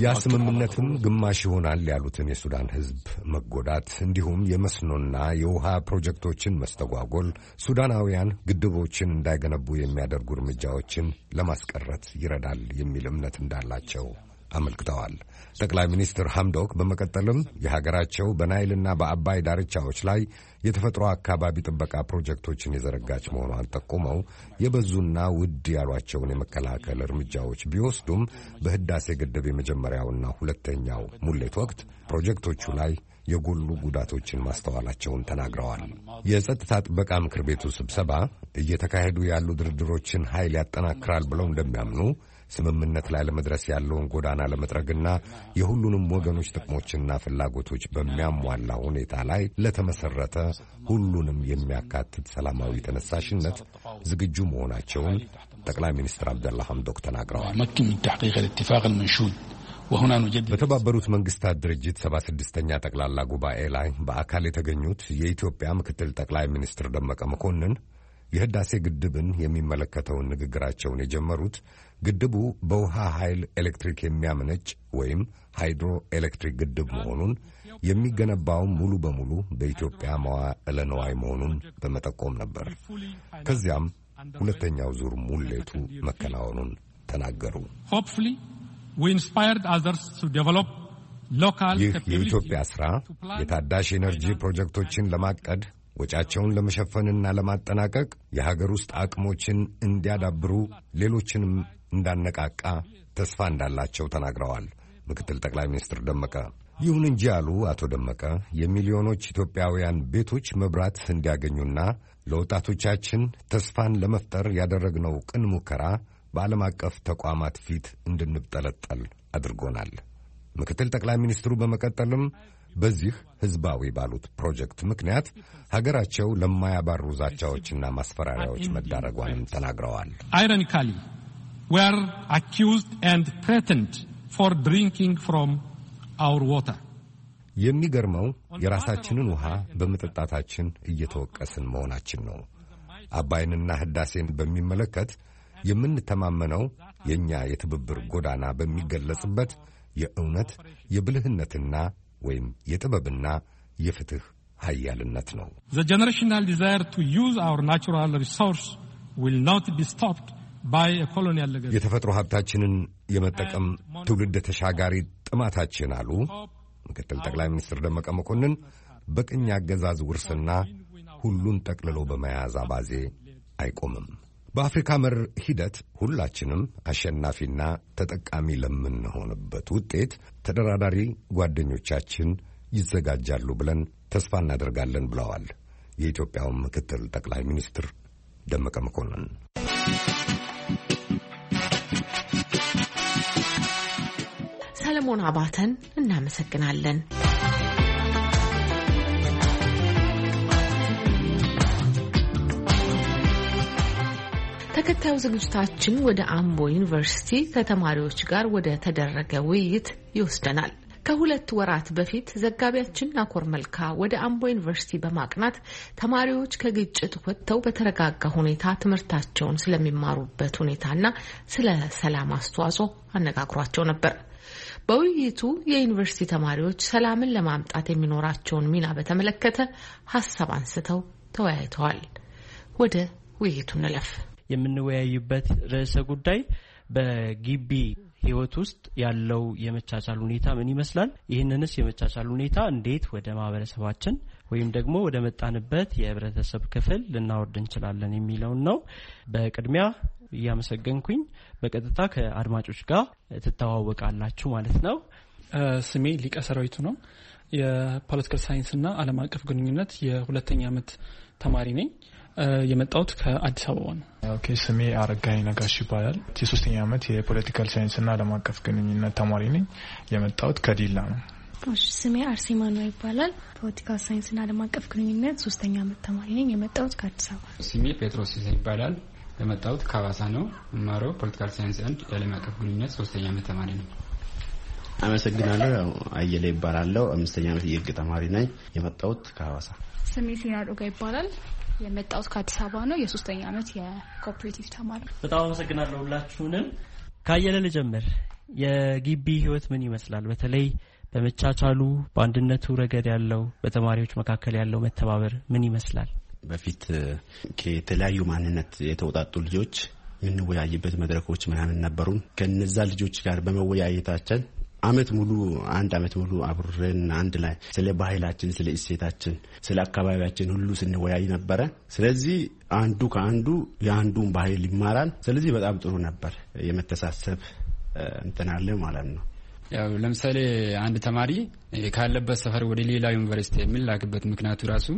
ያ ስምምነትም ግማሽ ይሆናል ያሉትን የሱዳን ሕዝብ መጎዳት እንዲሁም የመስኖና የውሃ ፕሮጀክቶችን መስተጓጎል፣ ሱዳናውያን ግድቦችን እንዳይገነቡ የሚያደርጉ እርምጃዎችን ለማስቀረት ይረዳል የሚል እምነት እንዳላቸው አመልክተዋል። ጠቅላይ ሚኒስትር ሐምዶክ በመቀጠልም የሀገራቸው በናይልና በአባይ ዳርቻዎች ላይ የተፈጥሮ አካባቢ ጥበቃ ፕሮጀክቶችን የዘረጋች መሆኗን ጠቁመው የበዙና ውድ ያሏቸውን የመከላከል እርምጃዎች ቢወስዱም በህዳሴ ግድብ የመጀመሪያውና ሁለተኛው ሙሌት ወቅት ፕሮጀክቶቹ ላይ የጎሉ ጉዳቶችን ማስተዋላቸውን ተናግረዋል። የጸጥታ ጥበቃ ምክር ቤቱ ስብሰባ እየተካሄዱ ያሉ ድርድሮችን ኃይል ያጠናክራል ብለው እንደሚያምኑ ስምምነት ላይ ለመድረስ ያለውን ጎዳና ለመጥረግና የሁሉንም ወገኖች ጥቅሞችና ፍላጎቶች በሚያሟላ ሁኔታ ላይ ለተመሰረተ ሁሉንም የሚያካትት ሰላማዊ ተነሳሽነት ዝግጁ መሆናቸውን ጠቅላይ ሚኒስትር አብደላ ሐምዶክ ተናግረዋል። በተባበሩት መንግስታት ድርጅት ሰባ ስድስተኛ ጠቅላላ ጉባኤ ላይ በአካል የተገኙት የኢትዮጵያ ምክትል ጠቅላይ ሚኒስትር ደመቀ መኮንን የህዳሴ ግድብን የሚመለከተውን ንግግራቸውን የጀመሩት ግድቡ በውሃ ኃይል ኤሌክትሪክ የሚያመነጭ ወይም ሃይድሮ ኤሌክትሪክ ግድብ መሆኑን የሚገነባውም ሙሉ በሙሉ በኢትዮጵያ መዋዕለ ነዋይ መሆኑን በመጠቆም ነበር። ከዚያም ሁለተኛው ዙር ሙሌቱ መከናወኑን ተናገሩ። ይህ የኢትዮጵያ ሥራ የታዳሽ ኤነርጂ ፕሮጀክቶችን ለማቀድ ወጫቸውን ለመሸፈንና ለማጠናቀቅ የሀገር ውስጥ አቅሞችን እንዲያዳብሩ ሌሎችንም እንዳነቃቃ ተስፋ እንዳላቸው ተናግረዋል ምክትል ጠቅላይ ሚኒስትር ደመቀ። ይሁን እንጂ ያሉ አቶ ደመቀ የሚሊዮኖች ኢትዮጵያውያን ቤቶች መብራት እንዲያገኙና ለወጣቶቻችን ተስፋን ለመፍጠር ያደረግነው ቅን ሙከራ በዓለም አቀፍ ተቋማት ፊት እንድንብጠለጠል አድርጎናል። ምክትል ጠቅላይ ሚኒስትሩ በመቀጠልም በዚህ ህዝባዊ ባሉት ፕሮጀክት ምክንያት ሀገራቸው ለማያባሩ ዛቻዎችና ማስፈራሪያዎች መዳረጓንም ተናግረዋል። አይሮኒካሊ ዌር አኪውዝድ ኤንድ ትሬትንድ ፎር ድሪንኪንግ ፍሮም አውር ዋተር የሚገርመው የራሳችንን ውሃ በመጠጣታችን እየተወቀስን መሆናችን ነው። አባይንና ህዳሴን በሚመለከት የምንተማመነው የእኛ የትብብር ጎዳና በሚገለጽበት የእውነት የብልህነትና ወይም የጥበብና የፍትህ ሀያልነት ነው። ጀነሬሽናል ዲዛየር ቱ ዩዝ አወር ናቹራል ሪሶርስ ዊል ኖት ቢ ስቶፕድ የተፈጥሮ ሀብታችንን የመጠቀም ትውልድ ተሻጋሪ ጥማታችን አሉ ምክትል ጠቅላይ ሚኒስትር ደመቀ መኮንን በቅኝ አገዛዝ ውርስና ሁሉን ጠቅልሎ በመያዝ አባዜ አይቆምም። በአፍሪካ መር ሂደት ሁላችንም አሸናፊና ተጠቃሚ ለምንሆንበት ውጤት ተደራዳሪ ጓደኞቻችን ይዘጋጃሉ ብለን ተስፋ እናደርጋለን ብለዋል የኢትዮጵያውን ምክትል ጠቅላይ ሚኒስትር ደመቀ መኮንን። ሰለሞን አባተን እናመሰግናለን። ተከታዩ ዝግጅታችን ወደ አምቦ ዩኒቨርሲቲ ከተማሪዎች ጋር ወደ ተደረገ ውይይት ይወስደናል። ከሁለት ወራት በፊት ዘጋቢያችን ናኮር መልካ ወደ አምቦ ዩኒቨርሲቲ በማቅናት ተማሪዎች ከግጭት ወጥተው በተረጋጋ ሁኔታ ትምህርታቸውን ስለሚማሩበት ሁኔታና ስለ ሰላም አስተዋጽኦ አነጋግሯቸው ነበር። በውይይቱ የዩኒቨርሲቲ ተማሪዎች ሰላምን ለማምጣት የሚኖራቸውን ሚና በተመለከተ ሀሳብ አንስተው ተወያይተዋል። ወደ ውይይቱ እንለፍ። የምንወያዩበት ርዕሰ ጉዳይ በግቢ ህይወት ውስጥ ያለው የመቻቻል ሁኔታ ምን ይመስላል? ይህንንስ የመቻቻል ሁኔታ እንዴት ወደ ማህበረሰባችን ወይም ደግሞ ወደ መጣንበት የህብረተሰብ ክፍል ልናወርድ እንችላለን የሚለውን ነው። በቅድሚያ እያመሰገንኩኝ በቀጥታ ከአድማጮች ጋር ትተዋወቃላችሁ ማለት ነው። ስሜ ሊቀ ሰራዊቱ ነው። የፖለቲካል ሳይንስና ዓለም አቀፍ ግንኙነት የሁለተኛ ዓመት ተማሪ ነኝ። የመጣሁት ከአዲስ አበባ ነው። ስሜ አረጋኝ ነጋሽ ይባላል። የሶስተኛ ዓመት የፖለቲካል ሳይንስና ዓለም አቀፍ ግንኙነት ተማሪ ነኝ። የመጣሁት ከዲላ ነው። ስሜ አርሴማ ነው ይባላል። ፖለቲካል ሳይንስና ዓለም አቀፍ ግንኙነት ሶስተኛ ዓመት ተማሪ ነኝ። የመጣሁት ከአዲስ አበባ። ስሜ ጴጥሮስ ይባላል። የመጣሁት ከሀዋሳ ነው። የማረው ፖለቲካል ሳይንስ አንድ የዓለም አቀፍ ግንኙነት ሶስተኛ ዓመት ተማሪ ነው። አመሰግናለሁ። አየለ ይባላለሁ። አምስተኛ ዓመት የህግ ተማሪ ነኝ። የመጣሁት ከሀዋሳ። ስሜ ሲራዶጋ ይባላል። የመጣሁት ከአዲስ አበባ ነው። የሶስተኛ ዓመት የኮኦፕሬቲቭ ተማሪ ነው። በጣም አመሰግናለሁ ሁላችሁንም። ካየለ ልጀምር። የግቢ ህይወት ምን ይመስላል? በተለይ በመቻቻሉ በአንድነቱ ረገድ ያለው በተማሪዎች መካከል ያለው መተባበር ምን ይመስላል? በፊት ከተለያዩ ማንነት የተውጣጡ ልጆች የምንወያይበት መድረኮች ምናምን ነበሩን። ከነዛ ልጆች ጋር በመወያየታችን አመት ሙሉ አንድ አመት ሙሉ አብረን አንድ ላይ ስለ ባህላችን፣ ስለ እሴታችን፣ ስለ አካባቢያችን ሁሉ ስንወያይ ነበረ። ስለዚህ አንዱ ከአንዱ የአንዱን ባህል ይማራል። ስለዚህ በጣም ጥሩ ነበር። የመተሳሰብ እንትን አለ ማለት ነው። ያው ለምሳሌ አንድ ተማሪ ካለበት ሰፈር ወደ ሌላ ዩኒቨርሲቲ የሚላክበት ምክንያቱ ራሱ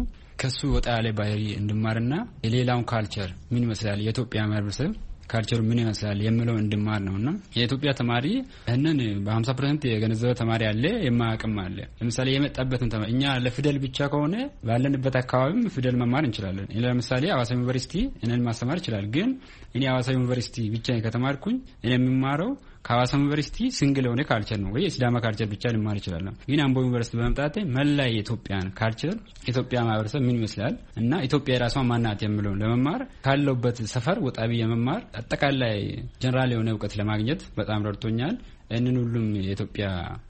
ከሱ ወጣ ያለ ባህሪ እንድማርና የሌላውን ካልቸር ምን ይመስላል የኢትዮጵያ ማህበረሰብ ካልቸሩ ምን ይመስላል የምለው እንድማር ነው እና የኢትዮጵያ ተማሪ ይህንን በ50 ፐርሰንት የገነዘበ ተማሪ አለ፣ የማያውቅም አለ። ለምሳሌ የመጣበትን ተማሪ እኛ ለፊደል ብቻ ከሆነ ባለንበት አካባቢም ፊደል መማር እንችላለን። ለምሳሌ አዋሳ ዩኒቨርሲቲ እኔን ማስተማር ይችላል። ግን እኔ አዋሳ ዩኒቨርሲቲ ብቻ ከተማርኩኝ እኔ የምማረው ከሀዋሳ ዩኒቨርሲቲ ስንግል የሆነ ካልቸር ነው ወይ የሲዳማ ካልቸር ብቻ ልማር ይችላለሁ። ግን አምቦ ዩኒቨርሲቲ በመምጣት መላ የኢትዮጵያን ካልቸር የኢትዮጵያ ማህበረሰብ ምን ይመስላል እና ኢትዮጵያ የራሷ ማናት የምለውን ለመማር ካለውበት ሰፈር ወጣቢ የመማር አጠቃላይ ጀኔራል የሆነ እውቀት ለማግኘት በጣም ረድቶኛል። ይህንን ሁሉም የኢትዮጵያ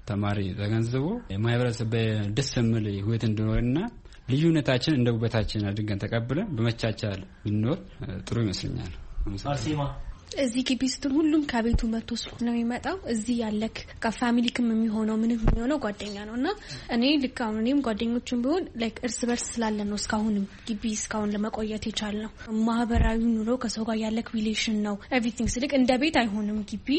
ተማሪ ተገንዝቦ ማህበረሰብ በደስ የሚል ህይወት እንዲኖርና ልዩነታችን እንደ ውበታችን አድርገን ተቀብለን በመቻቻል ብንኖር ጥሩ ይመስለኛል። እዚህ ግቢ ስትል ሁሉም ከቤቱ መጥቶ ስ ነው የሚመጣው። እዚህ ያለክ ፋሚሊ ክም የሚሆነው ምንም የሚሆነው ጓደኛ ነው እና እኔ ልክ አሁን እኔም ጓደኞችን ቢሆን ላይክ እርስ በርስ ስላለን ነው እስካሁንም ግቢ እስካሁን ለመቆየት የቻል ነው። ማህበራዊ ኑሮ ከሰው ጋር ያለክ ሪሌሽን ነው ኤቭሪቲንግ ስልክ እንደ ቤት አይሆንም። ግቢ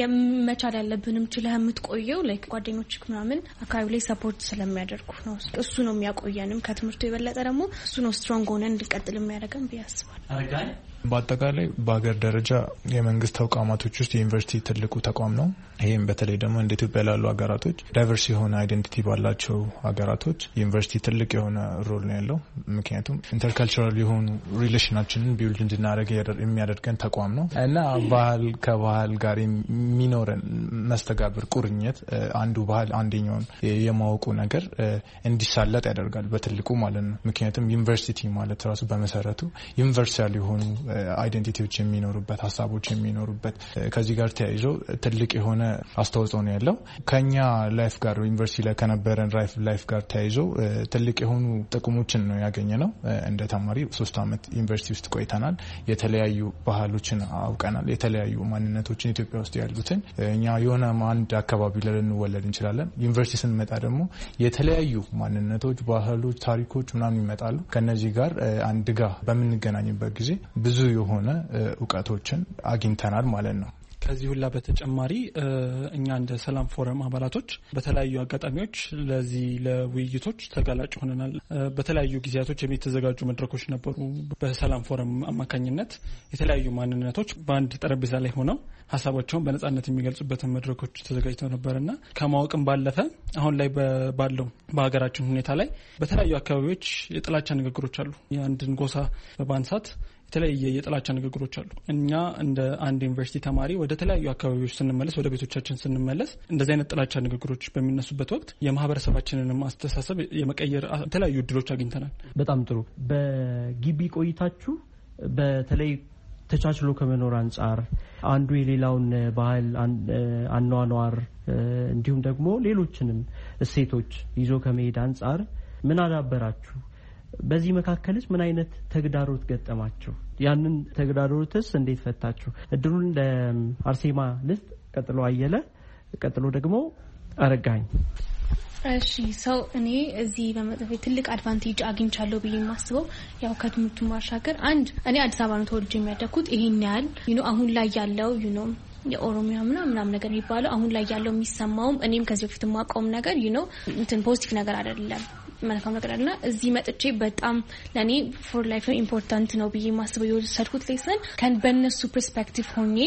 የመቻል ያለብንም ችለህ የምትቆየው ላይክ ጓደኞች ምናምን አካባቢ ላይ ሰፖርት ስለሚያደርጉ ነው። እሱ ነው የሚያቆየንም ከትምህርቱ የበለጠ ደግሞ እሱ ነው ስትሮንግ ሆነን እንድንቀጥል የሚያደርገን ብዬ አስባለሁ። በአጠቃላይ በሀገር ደረጃ የመንግስት ተቋማቶች ውስጥ የዩኒቨርሲቲ ትልቁ ተቋም ነው። ይህም በተለይ ደግሞ እንደ ኢትዮጵያ ላሉ ሀገራቶች ዳይቨርስ የሆነ አይደንቲቲ ባላቸው ሀገራቶች ዩኒቨርሲቲ ትልቅ የሆነ ሮል ነው ያለው። ምክንያቱም ኢንተርካልቸራል የሆኑ ሪሌሽናችንን ቢውልድ እንድናደርግ የሚያደርገን ተቋም ነው እና ባህል ከባህል ጋር የሚኖረን መስተጋብር፣ ቁርኝት አንዱ ባህል አንደኛውን የማወቁ ነገር እንዲሳለጥ ያደርጋል በትልቁ ማለት ነው። ምክንያቱም ዩኒቨርሲቲ ማለት ራሱ በመሰረቱ ዩኒቨርሳል የሆኑ አይደንቲቲዎች የሚኖሩበት ሀሳቦች የሚኖሩበት ከዚህ ጋር ተያይዞ ትልቅ የሆነ የሆነ አስተዋጽኦ ነው ያለው። ከኛ ላይፍ ጋር ዩኒቨርሲቲ ላይ ከነበረን ላይፍ ጋር ተያይዞ ትልቅ የሆኑ ጥቅሞችን ነው ያገኘ ነው። እንደ ተማሪ ሶስት ዓመት ዩኒቨርሲቲ ውስጥ ቆይተናል። የተለያዩ ባህሎችን አውቀናል። የተለያዩ ማንነቶችን ኢትዮጵያ ውስጥ ያሉትን እኛ የሆነ አንድ አካባቢ ላይ ልንወለድ እንችላለን። ዩኒቨርሲቲ ስንመጣ ደግሞ የተለያዩ ማንነቶች፣ ባህሎች፣ ታሪኮች ምናምን ይመጣሉ። ከነዚህ ጋር አንድ ጋር በምንገናኝበት ጊዜ ብዙ የሆነ እውቀቶችን አግኝተናል ማለት ነው። ከዚህ ሁላ በተጨማሪ እኛ እንደ ሰላም ፎረም አባላቶች በተለያዩ አጋጣሚዎች ለዚህ ለውይይቶች ተጋላጭ ሆነናል። በተለያዩ ጊዜያቶች የሚተዘጋጁ መድረኮች ነበሩ። በሰላም ፎረም አማካኝነት የተለያዩ ማንነቶች በአንድ ጠረጴዛ ላይ ሆነው ሀሳባቸውን በነጻነት የሚገልጹበትን መድረኮች ተዘጋጅተው እና ከማወቅም ባለፈ አሁን ላይ ባለው በሀገራችን ሁኔታ ላይ በተለያዩ አካባቢዎች የጥላቻ ንግግሮች አሉ። የአንድን ጎሳ በማንሳት የተለያየ የጥላቻ ንግግሮች አሉ። እኛ እንደ አንድ ዩኒቨርሲቲ ተማሪ ወደ ተለያዩ አካባቢዎች ስንመለስ፣ ወደ ቤቶቻችን ስንመለስ እንደዚህ አይነት ጥላቻ ንግግሮች በሚነሱበት ወቅት የማህበረሰባችንን አስተሳሰብ የመቀየር የተለያዩ እድሎች አግኝተናል። በጣም ጥሩ። በግቢ ቆይታችሁ በተለይ ተቻችሎ ከመኖር አንጻር አንዱ የሌላውን ባህል አኗኗር፣ እንዲሁም ደግሞ ሌሎችንም እሴቶች ይዞ ከመሄድ አንጻር ምን አዳበራችሁ? በዚህ መካከልስ ምን አይነት ተግዳሮት ገጠማችሁ? ያንን ተግዳሮትስ እንዴት ፈታችሁ? እድሉን ለአርሴማ ልስጥ፣ ቀጥሎ አየለ፣ ቀጥሎ ደግሞ አረጋኝ። እሺ ሰው እኔ እዚህ በመጽፌ ትልቅ አድቫንቴጅ አግኝቻለሁ ብዬ የማስበው ያው ከትምህርቱ ማሻገር አንድ እኔ አዲስ አበባ ነው ተወልጄ የሚያደግኩት። ይሄን ያህል ዩኖ አሁን ላይ ያለው ዩኖ የኦሮሚያ ምና ምናም ነገር የሚባለው አሁን ላይ ያለው የሚሰማውም እኔም ከዚህ በፊት የማውቀውም ነገር ዩኖ እንትን ፖዚቲቭ ነገር አይደለም መልካም ነገር አለና እዚህ መጥቼ በጣም ለእኔ ፎር ላይፍ ኢምፖርታንት ነው ብዬ ማስበው የወሰድኩት ሌስን ከን በእነሱ ፐርስፔክቲቭ ሆኜ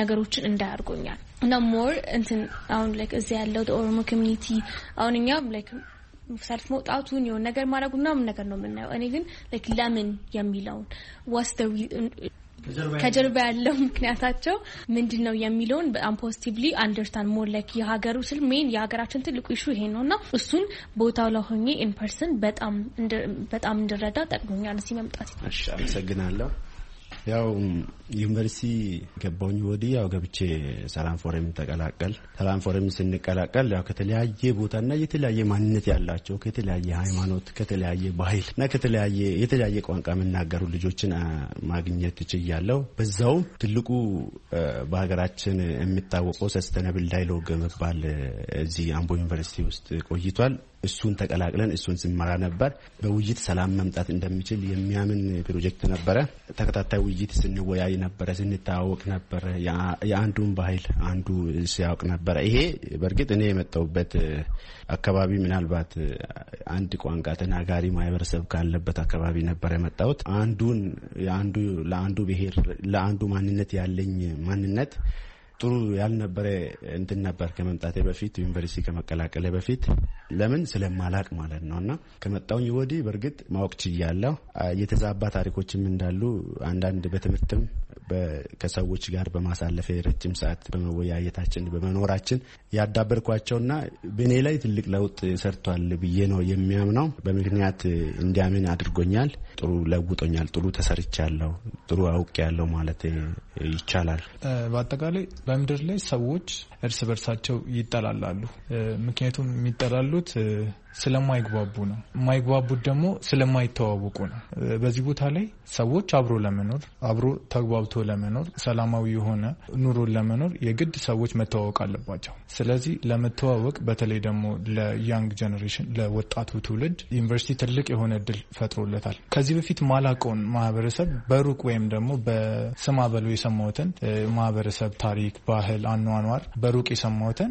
ነገሮችን እንዳያርጎኛል እና ሞር እንትን አሁን ላይክ እዚህ ያለው ኦሮሞ ኮሚኒቲ አሁን እኛ ላይክ ሰልፍ መውጣቱን የሆን ነገር ማድረጉ ምናምን ነገር ነው የምናየው። እኔ ግን ለምን የሚለውን ዋስ ከጀርባ ያለው ምክንያታቸው ምንድን ነው የሚለውን በጣም ፖዚቲቭሊ አንደርስታንድ ሞለክ የሀገሩ ስል ሜን የሀገራችን ትልቁ ኢሹ ይሄ ነው እና እሱን ቦታው ላይ ሆኜ ኢን በጣም እንድረዳ ጠቅሞኛል ሲመምጣት መምጣት። አመሰግናለሁ። ያው ዩኒቨርሲቲ ገባሁኝ ወዲህ ያው ገብቼ ሰላም ፎረም ተቀላቀል። ሰላም ፎረም ስንቀላቀል ያው ከተለያየ ቦታና የተለያየ ማንነት ያላቸው ከተለያየ ሃይማኖት፣ ከተለያየ ባህል እና ከተለያየ የተለያየ ቋንቋ የሚናገሩ ልጆችን ማግኘት ትችያለው። በዛውም ትልቁ በሀገራችን የሚታወቀው ሰስተነብል ዳይሎግ የሚባል እዚህ አምቦ ዩኒቨርሲቲ ውስጥ ቆይቷል። እሱን ተቀላቅለን እሱን ስንመራ ነበር። በውይይት ሰላም መምጣት እንደሚችል የሚያምን ፕሮጀክት ነበረ። ተከታታይ ውይይት ስንወያይ ነበረ፣ ስንታዋወቅ ነበረ። የአንዱን ባህል አንዱ ሲያውቅ ነበረ። ይሄ በእርግጥ እኔ የመጣሁበት አካባቢ ምናልባት አንድ ቋንቋ ተናጋሪ ማህበረሰብ ካለበት አካባቢ ነበረ የመጣሁት። አንዱን ለአንዱ ብሄር ለአንዱ ማንነት ያለኝ ማንነት ጥሩ ያልነበረ እንትን ነበር። ከመምጣቴ በፊት ዩኒቨርሲቲ ከመቀላቀሌ በፊት ለምን ስለማላቅ ማለት ነው እና ከመጣውኝ ወዲህ በእርግጥ ማወቅ ችያለሁ። የተዛባ ታሪኮችም እንዳሉ አንዳንድ በትምህርትም ከሰዎች ጋር በማሳለፍ ረጅም ሰዓት በመወያየታችን በመኖራችን ያዳበርኳቸውና በእኔ ላይ ትልቅ ለውጥ ሰርቷል ብዬ ነው የሚያምነው። በምክንያት እንዲያምን አድርጎኛል። ጥሩ ለውጦኛል። ጥሩ ተሰርቻለሁ። ጥሩ አውቅ ያለው ማለት ይቻላል። በአጠቃላይ በምድር ላይ ሰዎች እርስ በርሳቸው ይጠላላሉ። ምክንያቱም የሚጠላሉት ስለማይግባቡ ነው። የማይግባቡት ደግሞ ስለማይተዋወቁ ነው። በዚህ ቦታ ላይ ሰዎች አብሮ ለመኖር አብሮ ተግባብቶ ለመኖር ሰላማዊ የሆነ ኑሮን ለመኖር የግድ ሰዎች መተዋወቅ አለባቸው። ስለዚህ ለመተዋወቅ በተለይ ደግሞ ለያንግ ጀኔሬሽን ለወጣቱ ትውልድ ዩኒቨርሲቲ ትልቅ የሆነ እድል ፈጥሮለታል። ከዚህ በፊት ማላቀውን ማህበረሰብ በሩቅ ወይም ደግሞ በስማ በሎ የሰማሁትን ማህበረሰብ ታሪክ፣ ባህል፣ አኗኗር በሩቅ የሰማሁትን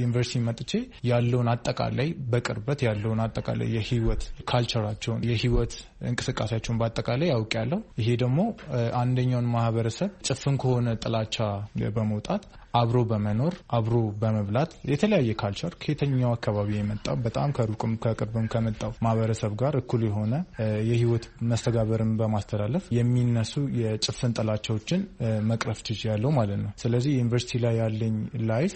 ዩኒቨርሲቲ መጥቼ ያለውን አጠቃላይ በቅርበት ያለውን አጠቃላይ የህይወት ካልቸራቸውን የህይወት እንቅስቃሴያቸውን በአጠቃላይ ያውቅ ያለው ይሄ ደግሞ አንደኛውን ማህበረሰብ ጭፍን ከሆነ ጥላቻ በመውጣት አብሮ በመኖር አብሮ በመብላት የተለያየ ካልቸር ከየትኛው አካባቢ የመጣው በጣም ከሩቅም ከቅርብም ከመጣው ማህበረሰብ ጋር እኩል የሆነ የህይወት መስተጋበርን በማስተላለፍ የሚነሱ የጭፍን ጥላቻዎችን መቅረፍ ችጅ ያለው ማለት ነው። ስለዚህ ዩኒቨርሲቲ ላይ ያለኝ ላይፍ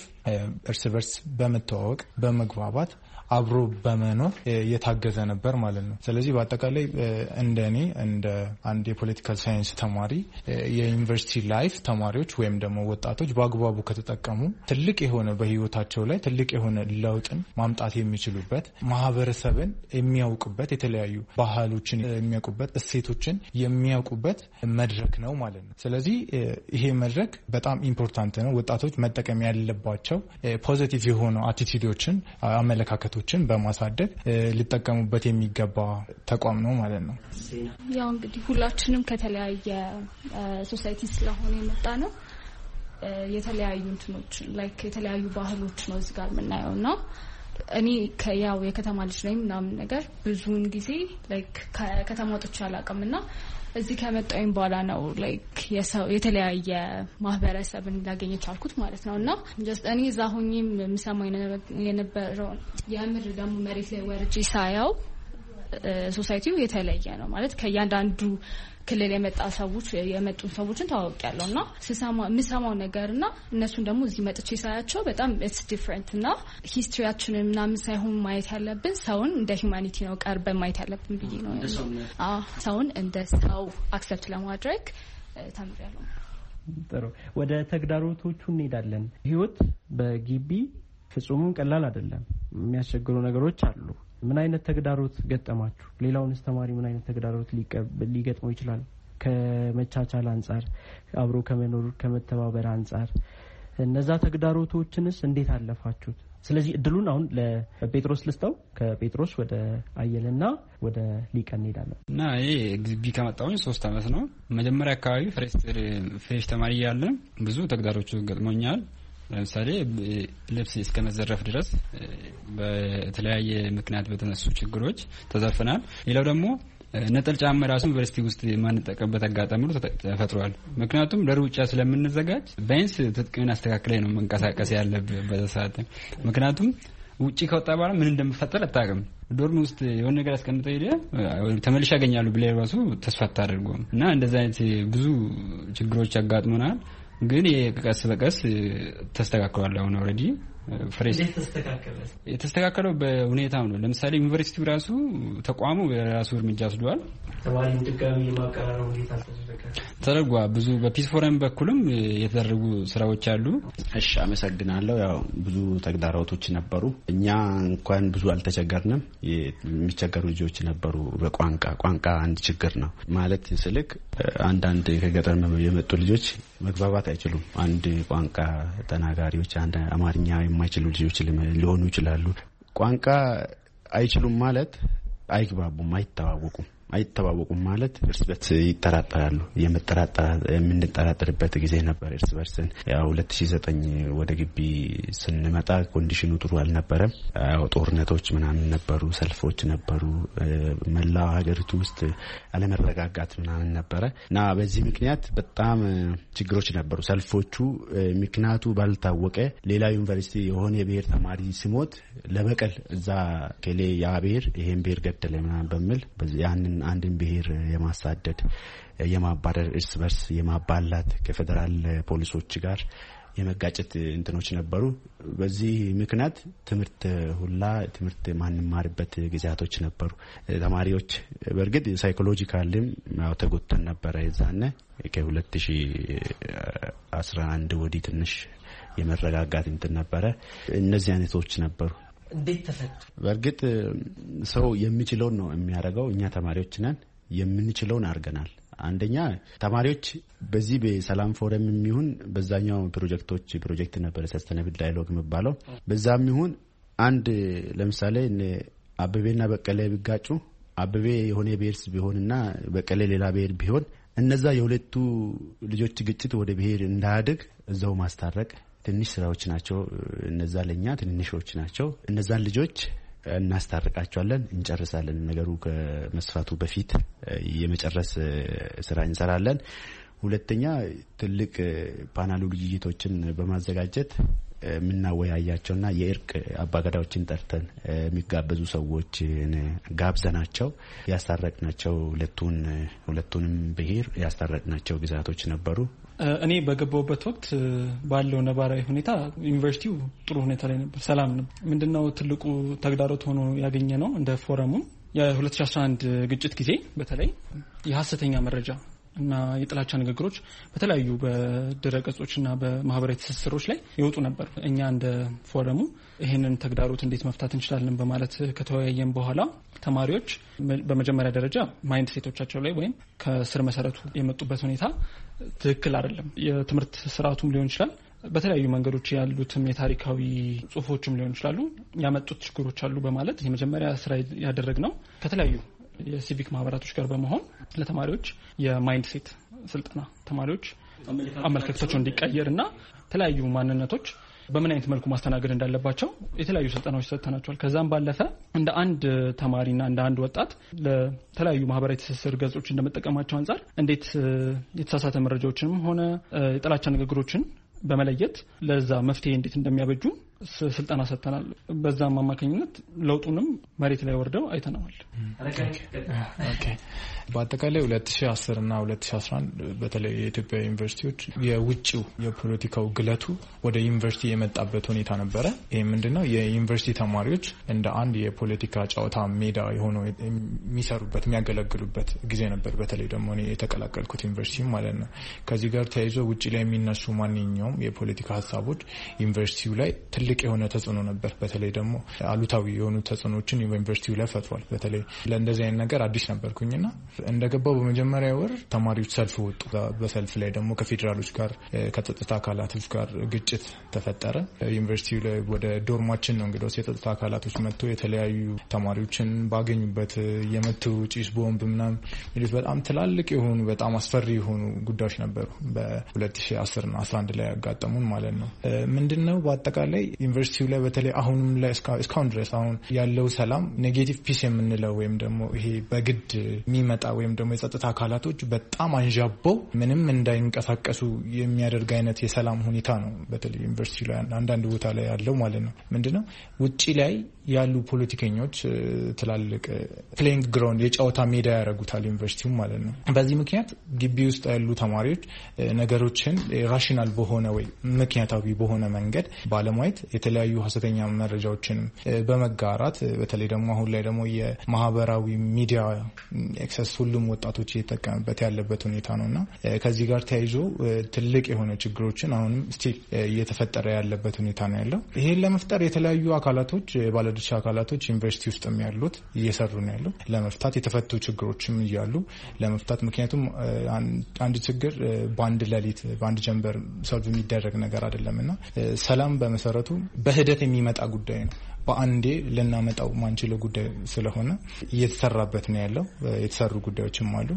እርስ በርስ በመተዋወቅ በመግባባት አብሮ በመኖር የታገዘ ነበር ማለት ነው። ስለዚህ በአጠቃላይ እንደ እኔ እንደ አንድ የፖለቲካል ሳይንስ ተማሪ የዩኒቨርሲቲ ላይፍ ተማሪዎች ወይም ደግሞ ወጣቶች በአግባቡ ከተጠቀሙ ትልቅ የሆነ በህይወታቸው ላይ ትልቅ የሆነ ለውጥን ማምጣት የሚችሉበት ማህበረሰብን የሚያውቁበት የተለያዩ ባህሎችን የሚያውቁበት እሴቶችን የሚያውቁበት መድረክ ነው ማለት ነው። ስለዚህ ይሄ መድረክ በጣም ኢምፖርታንት ነው። ወጣቶች መጠቀም ያለባቸው ፖዚቲቭ የሆኑ አቲቲዶችን አመለካከቱ ወጣቶችን በማሳደግ ሊጠቀሙበት የሚገባ ተቋም ነው ማለት ነው። ያው እንግዲህ ሁላችንም ከተለያየ ሶሳይቲ ስለሆነ የመጣ ነው የተለያዩ እንትኖች ላይክ የተለያዩ ባህሎች ነው እዚህ ጋር የምናየው እና እኔ ከያው የከተማ ልጅ ነኝ ምናምን ነገር ብዙውን ጊዜ ላይክ ከከተማ ወጥቼ አላውቅም እና እዚህ ከመጣሁኝ በኋላ ነው ላይክ የሰው የተለያየ ማህበረሰብን ላገኘ ቻልኩት ማለት ነው። እና እኔ እዛ ሆኜም የምሰማው የነበረውን የምር ደግሞ መሬት ላይ ወርጄ ሳያው ሶሳይቲው የተለየ ነው ማለት ከእያንዳንዱ ክልል የመጣ ሰዎች የመጡ ሰዎችን ታዋወቅ ያለው እና የምሰማው ነገር እና እነሱን ደግሞ እዚህ መጥቼ ሳያቸው በጣም ኢትስ ዲፍረንት እና ሂስትሪያችንን ምናምን ሳይሆን ማየት ያለብን ሰውን እንደ ሂውማኒቲ ነው ቀርበን ማየት ያለብን ብዬ ነው ሰውን እንደ ሰው አክሰፕት ለማድረግ ተምሬያለሁ። ጥሩ ወደ ተግዳሮቶቹ እንሄዳለን። ህይወት በግቢ ፍጹምም ቀላል አይደለም። የሚያስቸግሩ ነገሮች አሉ። ምን አይነት ተግዳሮት ገጠማችሁ? ሌላውንስ ተማሪ ምን አይነት ተግዳሮት ሊገጥመው ይችላል? ከመቻቻል አንጻር፣ አብሮ ከመኖር ከመተባበር አንጻር እነዛ ተግዳሮቶችንስ እንዴት አለፋችሁት? ስለዚህ እድሉን አሁን ለጴጥሮስ ልስጠው። ከጴጥሮስ ወደ አየልና ወደ ሊቀ እንሄዳለን እና ይሄ ግቢ ከመጣሁኝ ሶስት ዓመት ነው። መጀመሪያ አካባቢ ፍሬሽ ተማሪ ያለ ብዙ ተግዳሮች ገጥሞኛል። ለምሳሌ ልብስ እስከመዘረፍ ድረስ በተለያየ ምክንያት በተነሱ ችግሮች ተዘፍናል። ሌላው ደግሞ ነጠል ጫማ ራሱ ዩኒቨርሲቲ ውስጥ የማንጠቀምበት አጋጣሚ ተፈጥሯል። ምክንያቱም ለሩጫ ስለምንዘጋጅ ቢያንስ ትጥቅምን አስተካክላይ ነው መንቀሳቀስ ያለብ በዛ ሰዓት። ምክንያቱም ውጭ ከወጣ በኋላ ምን እንደምፈጠር አታውቅም። ዶርም ውስጥ የሆነ ነገር አስቀምጠ ሄደ ተመልሼ ያገኛሉ ብላ ራሱ ተስፋ አታደርጎም እና እንደዚህ አይነት ብዙ ችግሮች ያጋጥሙናል። ግን ቀስ በቀስ ተስተካክሏል። አሁን ኦልሬዲ ፍሬሽ የተስተካከለው በሁኔታው ነው። ለምሳሌ ዩኒቨርሲቲው ራሱ ተቋሙ የራሱ እርምጃ ወስደዋል። ተማሪም ድጋሚ የማቀራረብ ሁኔታ ተደርጓ ብዙ በፒስ ፎረም በኩልም የተደረጉ ስራዎች አሉ። እሺ፣ አመሰግናለሁ። ያው ብዙ ተግዳሮቶች ነበሩ። እኛ እንኳን ብዙ አልተቸገርንም። የሚቸገሩ ልጆች ነበሩ። በቋንቋ ቋንቋ አንድ ችግር ነው ማለት ስልክ አንዳንድ ከገጠር የመጡ ልጆች መግባባት አይችሉም። አንድ ቋንቋ ተናጋሪዎች አንድ አማርኛ የማይችሉ ልጆች ሊሆኑ ይችላሉ። ቋንቋ አይችሉም ማለት አይግባቡም፣ አይተዋወቁም። አይተዋወቁም ማለት እርስ በርስ ይጠራጠራሉ። የምንጠራጠርበት ጊዜ ነበር እርስ በርስን። ያው 2009 ወደ ግቢ ስንመጣ ኮንዲሽኑ ጥሩ አልነበረም። ያው ጦርነቶች ምናምን ነበሩ፣ ሰልፎች ነበሩ፣ መላው ሀገሪቱ ውስጥ አለመረጋጋት ምናምን ነበረ እና በዚህ ምክንያት በጣም ችግሮች ነበሩ። ሰልፎቹ ምክንያቱ ባልታወቀ ሌላ ዩኒቨርሲቲ የሆነ የብሔር ተማሪ ሲሞት ለበቀል እዛ ከሌ ያ ብሔር ይሄን ብሔር ገደለ ምናምን በሚል ያንን አንድን ብሄር የማሳደድ የማባረር፣ እርስ በርስ የማባላት ከፌዴራል ፖሊሶች ጋር የመጋጨት እንትኖች ነበሩ። በዚህ ምክንያት ትምህርት ሁላ ትምህርት ማንማርበት ጊዜያቶች ነበሩ። ተማሪዎች በእርግጥ ሳይኮሎጂካልም ያው ተጎተን ነበረ። የዛነ ከ2011 ወዲህ ትንሽ የመረጋጋት እንትን ነበረ። እነዚህ አይነቶች ነበሩ። እንዴት ተፈቱ? በእርግጥ ሰው የሚችለውን ነው የሚያደርገው። እኛ ተማሪዎች ነን፣ የምንችለውን አድርገናል። አንደኛ ተማሪዎች በዚህ በሰላም ፎረም የሚሆን በዛኛው ፕሮጀክቶች ፕሮጀክት ነበር ሰስተነብል ዳይሎግ የሚባለው በዛም ይሁን አንድ ለምሳሌ አበቤና በቀለ ቢጋጩ አበቤ የሆነ ብሄርስ ቢሆንና በቀለ ሌላ ብሔር ቢሆን እነዛ የሁለቱ ልጆች ግጭት ወደ ብሄር እንዳያድግ እዛው ማስታረቅ ትንሽ ስራዎች ናቸው። እነዛ ለእኛ ትንንሾች ናቸው። እነዛን ልጆች እናስታርቃቸዋለን፣ እንጨርሳለን። ነገሩ ከመስፋቱ በፊት የመጨረስ ስራ እንሰራለን። ሁለተኛ ትልቅ ፓናሉ ውይይቶችን በማዘጋጀት የምናወያያቸውና የእርቅ አባገዳዎችን ጠርተን የሚጋበዙ ሰዎችን ጋብዘናቸው ያስታረቅናቸው ሁለቱን ሁለቱንም ብሄር ያስታረቅናቸው ግዛቶች ነበሩ። እኔ በገባውበት ወቅት ባለው ነባራዊ ሁኔታ ዩኒቨርሲቲው ጥሩ ሁኔታ ላይ ነበር፣ ሰላም ነው። ምንድነው ትልቁ ተግዳሮት ሆኖ ያገኘ ነው እንደ ፎረሙም የ2011 ግጭት ጊዜ በተለይ የሀሰተኛ መረጃ እና የጥላቻ ንግግሮች በተለያዩ በድረ ገጾችና በማህበራዊ ትስስሮች ላይ ይወጡ ነበር። እኛ እንደ ፎረሙ ይህንን ተግዳሮት እንዴት መፍታት እንችላለን በማለት ከተወያየን በኋላ ተማሪዎች በመጀመሪያ ደረጃ ማይንድ ሴቶቻቸው ላይ ወይም ከስር መሰረቱ የመጡበት ሁኔታ ትክክል አይደለም። የትምህርት ስርዓቱም ሊሆን ይችላል በተለያዩ መንገዶች ያሉትም የታሪካዊ ጽሁፎችም ሊሆን ይችላሉ ያመጡት ችግሮች አሉ በማለት የመጀመሪያ ስራ ያደረግ ነው ከተለያዩ የሲቪክ ማህበራቶች ጋር በመሆን ለተማሪዎች የማይንድ ሴት ስልጠና ተማሪዎች አመለካከታቸው እንዲቀየር እና የተለያዩ ማንነቶች በምን አይነት መልኩ ማስተናገድ እንዳለባቸው የተለያዩ ስልጠናዎች ሰጥተናቸዋል። ከዛም ባለፈ እንደ አንድ ተማሪና እንደ አንድ ወጣት ለተለያዩ ማህበራዊ ትስስር ገጾች እንደመጠቀማቸው አንጻር እንዴት የተሳሳተ መረጃዎችንም ሆነ የጥላቻ ንግግሮችን በመለየት ለዛ መፍትሄ እንዴት እንደሚያበጁ ስልጠና ሰጥተናል። በዛም አማካኝነት ለውጡንም መሬት ላይ ወርደው አይተነዋል። በአጠቃላይ 2010 እና 2011 በተለይ የኢትዮጵያ ዩኒቨርሲቲዎች የውጭው የፖለቲካው ግለቱ ወደ ዩኒቨርሲቲ የመጣበት ሁኔታ ነበረ። ይህ ምንድነው የዩኒቨርሲቲ ተማሪዎች እንደ አንድ የፖለቲካ ጨዋታ ሜዳ የሆነው የሚሰሩበት የሚያገለግሉበት ጊዜ ነበር። በተለይ ደግሞ እኔ የተቀላቀልኩት ዩኒቨርሲቲ ማለት ነው። ከዚህ ጋር ተያይዞ ውጭ ላይ የሚነሱ ማንኛውም የፖለቲካ ሀሳቦች ዩኒቨርሲቲው ላይ ትልቅ የሆነ ተጽዕኖ ነበር። በተለይ ደግሞ አሉታዊ የሆኑ ተጽዕኖችን በዩኒቨርሲቲው ላይ ፈጥሯል። በተለይ ለእንደዚህ አይነት ነገር አዲስ ነበርኩኝና እንደገባው በመጀመሪያ ወር ተማሪዎች ሰልፍ ወጡ። በሰልፍ ላይ ደግሞ ከፌዴራሎች ጋር ከጸጥታ አካላቶች ጋር ግጭት ተፈጠረ። ዩኒቨርሲቲው ላይ ወደ ዶርማችን ነው እንግዲህ የጸጥታ አካላቶች መጥቶ የተለያዩ ተማሪዎችን ባገኙበት የመቱ ጭስ ቦምብ ምናምን ሚሉት በጣም ትላልቅ የሆኑ በጣም አስፈሪ የሆኑ ጉዳዮች ነበሩ በ2010 እና 11 ላይ ያጋጠሙን ማለት ነው። ምንድን ነው በአጠቃላይ ዩኒቨርሲቲው ላይ በተለይ አሁንም ላይ እስካሁን ድረስ አሁን ያለው ሰላም ኔጌቲቭ ፒስ የምንለው ወይም ደግሞ ይሄ በግድ የሚመጣ ወይም ደግሞ የጸጥታ አካላቶች በጣም አንዣበው ምንም እንዳይንቀሳቀሱ የሚያደርግ አይነት የሰላም ሁኔታ ነው። በተለይ ዩኒቨርሲቲ ላይ አንዳንድ ቦታ ላይ ያለው ማለት ነው። ምንድነው ውጭ ላይ ያሉ ፖለቲከኞች ትላልቅ ፕሌይንግ ግራውንድ የጨዋታ ሜዳ ያደርጉታል ዩኒቨርሲቲው ማለት ነው። በዚህ ምክንያት ግቢ ውስጥ ያሉ ተማሪዎች ነገሮችን ራሽናል በሆነ ወይ ምክንያታዊ በሆነ መንገድ ባለማየት የተለያዩ ሀሰተኛ መረጃዎችንም በመጋራት በተለይ ደግሞ አሁን ላይ ደግሞ የማህበራዊ ሚዲያ ኤክሰስ ሁሉም ወጣቶች እየተጠቀምበት ያለበት ሁኔታ ነው እና ከዚህ ጋር ተያይዞ ትልቅ የሆነ ችግሮችን አሁንም ስቲል እየተፈጠረ ያለበት ሁኔታ ነው ያለው። ይህን ለመፍጠር የተለያዩ አካላቶች ባለ ባለድርሻ አካላቶች ዩኒቨርሲቲ ውስጥም ያሉት እየሰሩ ነው ያሉ ለመፍታት የተፈቱ ችግሮችም እያሉ ለመፍታት ምክንያቱም አንድ ችግር በአንድ ሌሊት በአንድ ጀንበር ሰልቭ የሚደረግ ነገር አይደለም እና ሰላም በመሰረቱ በሂደት የሚመጣ ጉዳይ ነው። በአንዴ ልናመጣው ማንችለው ጉዳይ ስለሆነ እየተሰራበት ነው ያለው። የተሰሩ ጉዳዮችም አሉ።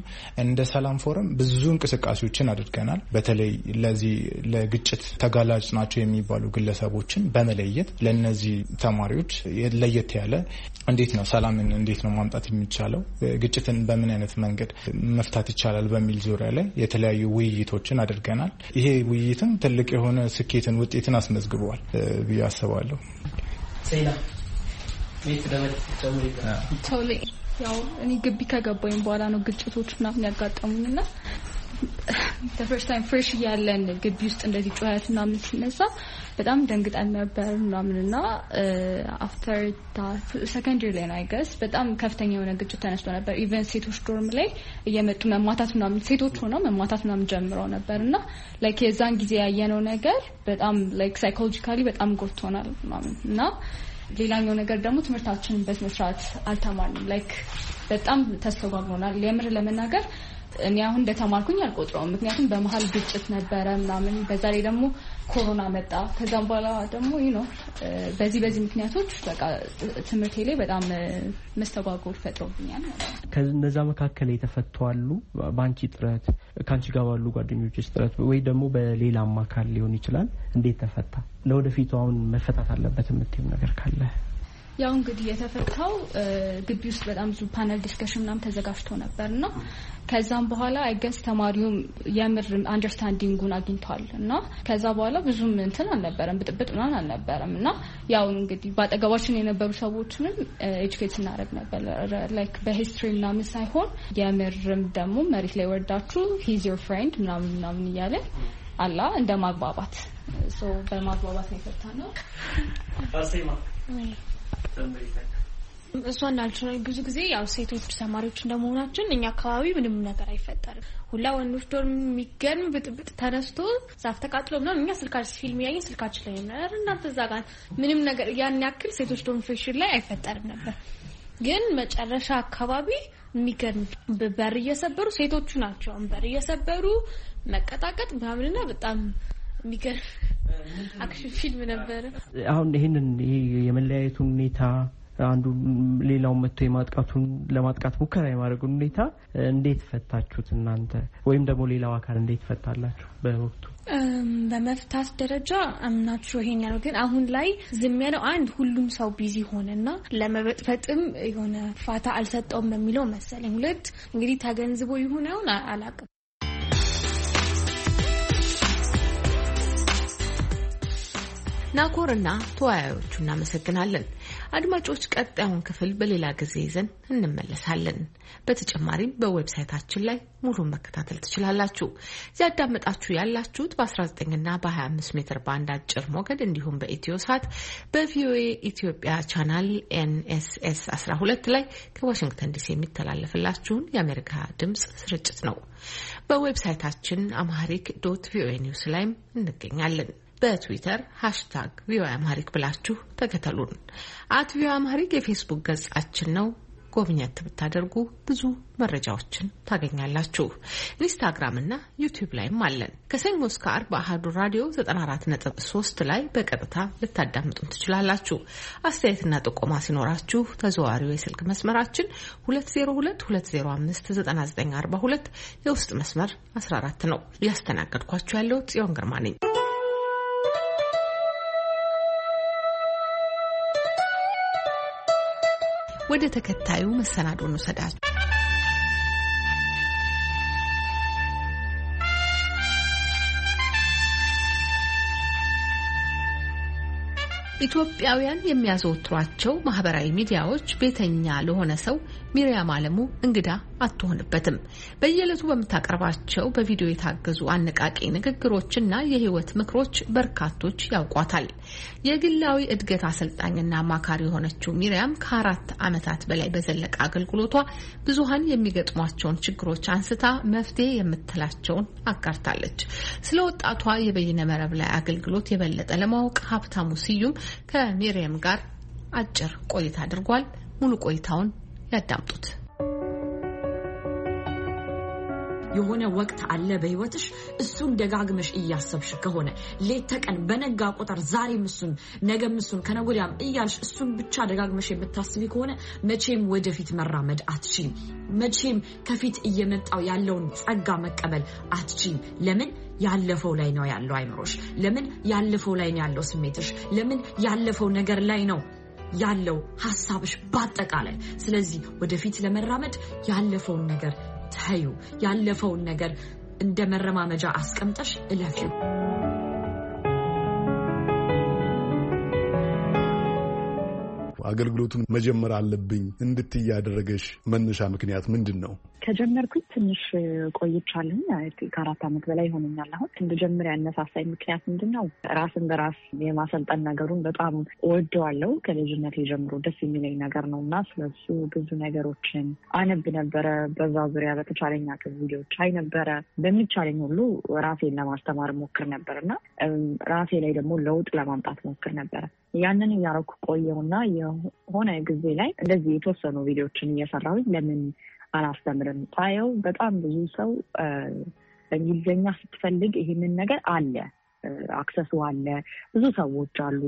እንደ ሰላም ፎረም ብዙ እንቅስቃሴዎችን አድርገናል። በተለይ ለዚህ ለግጭት ተጋላጭ ናቸው የሚባሉ ግለሰቦችን በመለየት ለነዚህ ተማሪዎች ለየት ያለ እንዴት ነው ሰላምን እንዴት ነው ማምጣት የሚቻለው፣ ግጭትን በምን አይነት መንገድ መፍታት ይቻላል በሚል ዙሪያ ላይ የተለያዩ ውይይቶችን አድርገናል። ይሄ ውይይትም ትልቅ የሆነ ስኬትን ውጤትን አስመዝግበዋል ብዬ አስባለሁ። ያው እኔ ግቢ ከገባኝ በኋላ ነው ግጭቶች ምናምን ያጋጠሙኝ እና ተፈርስ ታይም ፍሬሽ እያለን ግቢ ውስጥ እንደዚህ ጩኸት ምናምን ሲነሳ በጣም ደንግጠን ነበር ምናምን እና አፍተር ሰከንድሪ ላይ ነው አይገስ በጣም ከፍተኛ የሆነ ግጭት ተነስቶ ነበር። ኢቨን ሴቶች ዶርም ላይ እየመጡ መማታት ምናምን ሴቶች ሆነው መማታት ምናምን ጀምረው ነበር እና ላይክ የዛን ጊዜ ያየነው ነገር በጣም ላይክ ሳይኮሎጂካሊ በጣም ጎድቶናል ምናምን እና ሌላኛው ነገር ደግሞ ትምህርታችንን በስነስርዓት አልተማርንም። ላይክ በጣም ተስተጓጉሎናል የምር ለመናገር እኔ አሁን እንደተማርኩኝ አልቆጥረውም። ምክንያቱም በመሀል ግጭት ነበረ ምናምን፣ በዛ ላይ ደግሞ ኮሮና መጣ። ከዛም በኋላ ደግሞ ነው በዚህ በዚህ ምክንያቶች በቃ ትምህርቴ ላይ በጣም መስተጓጎል ፈጥሮብኛል። ከነዛ መካከል የተፈቱ አሉ በአንቺ ጥረት፣ ከአንቺ ጋር ባሉ ጓደኞች ጥረት ወይ ደግሞ በሌላ አማካል ሊሆን ይችላል። እንዴት ተፈታ? ለወደፊቱ አሁን መፈታት አለበት የምትይው ነገር ካለ ያው እንግዲህ የተፈታው ግቢ ውስጥ በጣም ብዙ ፓነል ዲስከሽን ምናምን ተዘጋጅቶ ነበር እና ከዛም በኋላ አይገስ ተማሪውም የምር አንደርስታንዲንጉን አግኝቷል እና ከዛ በኋላ ብዙም እንትን አልነበረም፣ ብጥብጥ ምናምን አልነበረም እና ያው እንግዲህ በአጠገባችን የነበሩ ሰዎችንም ኤጁኬት ስናደርግ ነበር ላይክ በሂስትሪ ምናምን ሳይሆን የምርም ደግሞ መሬት ላይ ወርዳችሁ ሂዝ ዮር ፍሬንድ ምናምን ምናምን እያለ አላ እንደ ማግባባት በማግባባት ነው የፈታ ነው። እሷ እንዳልችው ብዙ ጊዜ ያው ሴቶች ተማሪዎች እንደመሆናችን እኛ አካባቢ ምንም ነገር አይፈጠርም። ሁላ ወንዶች ዶርም የሚገርም ብጥብጥ ተነስቶ ዛፍ ተቃጥሎ ምናምን እኛ ስልካችን ፊልም ያየን ስልካችን ላይ ነበር። እናንተ እዛ ጋር ምንም ነገር ያን ያክል ሴቶች ዶርም ፌሽን ላይ አይፈጠርም ነበር። ግን መጨረሻ አካባቢ የሚገርም በር እየሰበሩ ሴቶቹ ናቸው በር እየሰበሩ መቀጣቀጥ ምናምንና በጣም የሚገርም አክሽን ፊልም ነበረ። አሁን ይህንን ይሄ የመለያየቱን ሁኔታ አንዱ ሌላውን መጥቶ የማጥቃቱን ለማጥቃት ሙከራ የማድረጉን ሁኔታ እንዴት ፈታችሁት እናንተ ወይም ደግሞ ሌላው አካል እንዴት ፈታላችሁ በወቅቱ? በመፍታት ደረጃ አምናችሁ ይሄን ያለው ግን አሁን ላይ ዝም ያለው አንድ ሁሉም ሰው ቢዚ ሆነና ለመበጥፈጥም የሆነ ፋታ አልሰጠውም በሚለው መሰለኝ። ሁለት እንግዲህ ተገንዝቦ ይሁን አሁን አላቅም። ናኮርና ተወያዮቹ እናመሰግናለን። አድማጮች ቀጣዩን ክፍል በሌላ ጊዜ ይዘን እንመለሳለን። በተጨማሪም በዌብሳይታችን ላይ ሙሉን መከታተል ትችላላችሁ። ያዳመጣችሁ ያላችሁት በ19ና በ25 ሜትር ባንድ አጭር ሞገድ እንዲሁም በኢትዮ ሳት በቪኦኤ ኢትዮጵያ ቻናል ኤንኤስኤስ 12 ላይ ከዋሽንግተን ዲሲ የሚተላለፍላችሁን የአሜሪካ ድምጽ ስርጭት ነው። በዌብሳይታችን አማሪክ ዶት ቪኦኤ ኒውስ ላይም እንገኛለን። በትዊተር ሃሽታግ ቪኦኤ አማሪክ ብላችሁ ተከተሉን። አት ቪኦኤ አማሪክ የፌስቡክ ገጻችን ነው። ጎብኘት ብታደርጉ ብዙ መረጃዎችን ታገኛላችሁ። ኢንስታግራም እና ዩቲዩብ ላይም አለን። ከሰኞ እስከ አርብ አህዱ ራዲዮ 94.3 ላይ በቀጥታ ልታዳምጡን ትችላላችሁ። አስተያየትና ጥቆማ ሲኖራችሁ ተዘዋሪው የስልክ መስመራችን 2022059942 የውስጥ መስመር 14 ነው። እያስተናገድኳችሁ ያለው ጽዮን ግርማ ነኝ። ወደ ተከታዩ መሰናዶ እንውሰዳችሁ። ኢትዮጵያውያን የሚያዘወትሯቸው ማህበራዊ ሚዲያዎች ቤተኛ ለሆነ ሰው ሚሪያም አለሙ እንግዳ አትሆንበትም። በየዕለቱ በምታቀርባቸው በቪዲዮ የታገዙ አነቃቂ ንግግሮችና የህይወት ምክሮች በርካቶች ያውቋታል። የግላዊ እድገት አሰልጣኝና አማካሪ የሆነችው ሚሪያም ከአራት ዓመታት በላይ በዘለቀ አገልግሎቷ ብዙሀን የሚገጥሟቸውን ችግሮች አንስታ መፍትሄ የምትላቸውን አጋርታለች። ስለ ወጣቷ የበይነ መረብ ላይ አገልግሎት የበለጠ ለማወቅ ሀብታሙ ስዩም ከሚሪያም ጋር አጭር ቆይታ አድርጓል። ሙሉ ቆይታውን ያዳምጡት። የሆነ ወቅት አለ በህይወትሽ። እሱን ደጋግመሽ እያሰብሽ ከሆነ ሌት ተቀን በነጋ ቁጥር ዛሬም እሱን ነገም እሱን ከነጎዳያም እያልሽ እሱን ብቻ ደጋግመሽ የምታስቢ ከሆነ መቼም ወደፊት መራመድ አትችም። መቼም ከፊት እየመጣው ያለውን ጸጋ መቀበል አትችም። ለምን? ያለፈው ላይ ነው ያለው አይምሮሽ። ለምን? ያለፈው ላይ ነው ያለው ስሜትሽ። ለምን? ያለፈው ነገር ላይ ነው ያለው ሀሳብሽ በአጠቃላይ። ስለዚህ ወደፊት ለመራመድ ያለፈውን ነገር ተዩ፣ ያለፈውን ነገር እንደ መረማመጃ አስቀምጠሽ እለፊው። አገልግሎቱን መጀመር አለብኝ እንድትይ መነሻ ምክንያት ምንድን ነው? ከጀመርኩኝ ትንሽ ቆይቻለሁ። ከአራት ዓመት በላይ ይሆነኛል። አሁን እንደጀምር ያነሳሳኝ ምክንያት ምንድን ነው? ራስን በራስ የማሰልጠን ነገሩን በጣም ወደዋለው። ከልጅነት ጀምሮ ደስ የሚለኝ ነገር ነው እና ስለሱ ብዙ ነገሮችን አነብ ነበረ። በዛ ዙሪያ በተቻለኛ ቅ ቪዲዮች አይ ነበረ። በሚቻለኝ ሁሉ ራሴን ለማስተማር ሞክር ነበር እና ራሴ ላይ ደግሞ ለውጥ ለማምጣት ሞክር ነበረ። ያንን እያረኩ ቆየውና የሆነ ጊዜ ላይ እንደዚህ የተወሰኑ ቪዲዮችን እየሰራሁኝ ለምን አላስተምርም። ሳየው በጣም ብዙ ሰው በእንግሊዝኛ ስትፈልግ ይህንን ነገር አለ አክሰሱ አለ። ብዙ ሰዎች አሉ።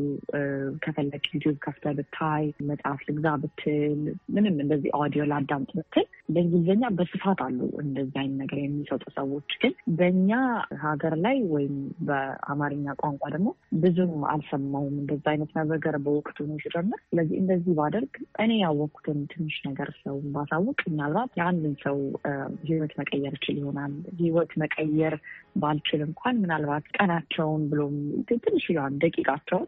ከፈለግ ዩቲዩብ ከፍተህ ብታይ፣ መጽሐፍ ልግዛ ብትል፣ ምንም እንደዚህ ኦዲዮ ላዳምጥ ብትል በእንግሊዝኛ በስፋት አሉ እንደዚህ አይነት ነገር የሚሰጡ ሰዎች። ግን በእኛ ሀገር ላይ ወይም በአማርኛ ቋንቋ ደግሞ ብዙም አልሰማውም እንደዚህ አይነት ነገር በወቅቱ ነው ሲጀምር። ስለዚህ እንደዚህ ባደርግ እኔ ያወቅኩትን ትንሽ ነገር ሰው ባሳውቅ ምናልባት የአንድን ሰው ህይወት መቀየር ይችል ይሆናል። ህይወት መቀየር ባልችል እንኳን ምናልባት ቀናቸውን ብሎም ትንሽ ደቂቃቸውን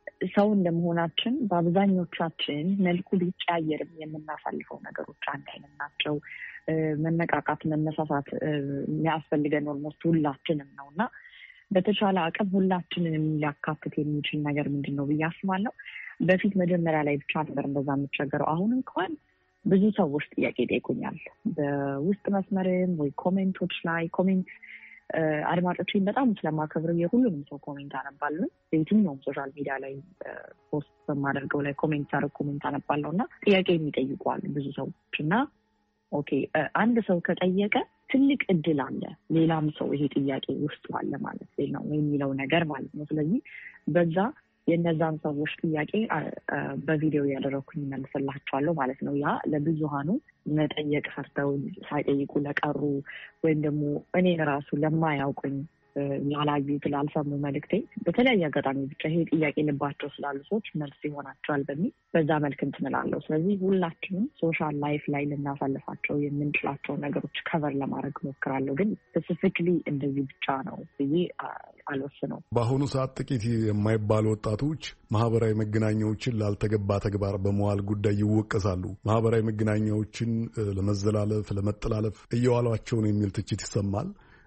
ሰው እንደመሆናችን በአብዛኞቻችን መልኩ ሊቀያየርም የምናሳልፈው ነገሮች አንድ አይነት ናቸው። መነቃቃት፣ መነሳሳት የሚያስፈልገን ኦልሞስት ሁላችንም ነው እና በተቻለ አቅም ሁላችንንም ሊያካትት የሚችል ነገር ምንድን ነው ብዬ አስባለሁ። በፊት መጀመሪያ ላይ ብቻ ነበር እንደዛ የምቸገረው። አሁን እንኳን ብዙ ሰዎች ጥያቄ ጠይቁኛል፣ በውስጥ መስመርም ወይ ኮሜንቶች ላይ ኮሜንት አድማጮችን በጣም ስለማከብረው የሁሉንም ሰው ኮሜንት አነባለሁ። የትኛውም ሶሻል ሚዲያ ላይ ፖስት በማደርገው ላይ ኮሜንት ሳደርግ ኮሜንት አነባለሁ እና ጥያቄ የሚጠይቋል ብዙ ሰዎች እና ኦኬ አንድ ሰው ከጠየቀ ትልቅ እድል አለ ሌላም ሰው ይሄ ጥያቄ ውስጡ አለ ማለት ነው የሚለው ነገር ማለት ነው። ስለዚህ በዛ የእነዛን ሰዎች ጥያቄ በቪዲዮ ያደረግኩኝ መልስላቸዋለሁ ማለት ነው። ያ ለብዙሃኑ መጠየቅ ፈርተው ሳይጠይቁ ለቀሩ ወይም ደግሞ እኔን ራሱ ለማያውቁኝ ላላዩት ላልሰሙ መልእክቴ በተለያየ አጋጣሚ ብቻ ይሄ ጥያቄ ልባቸው ስላሉ ሰዎች መልስ ይሆናቸዋል በሚል በዛ መልክ እንትን ስለዚህ ሁላችንም ሶሻል ላይፍ ላይ ልናሳልፋቸው የምንችላቸው ነገሮች ከቨር ለማድረግ ሞክራለሁ፣ ግን ስፔሲፊክሊ እንደዚህ ብቻ ነው ብዬ አልወስነው። በአሁኑ ሰዓት ጥቂት የማይባሉ ወጣቶች ማህበራዊ መገናኛዎችን ላልተገባ ተግባር በመዋል ጉዳይ ይወቀሳሉ። ማህበራዊ መገናኛዎችን ለመዘላለፍ፣ ለመጠላለፍ እየዋሏቸው ነው የሚል ትችት ይሰማል።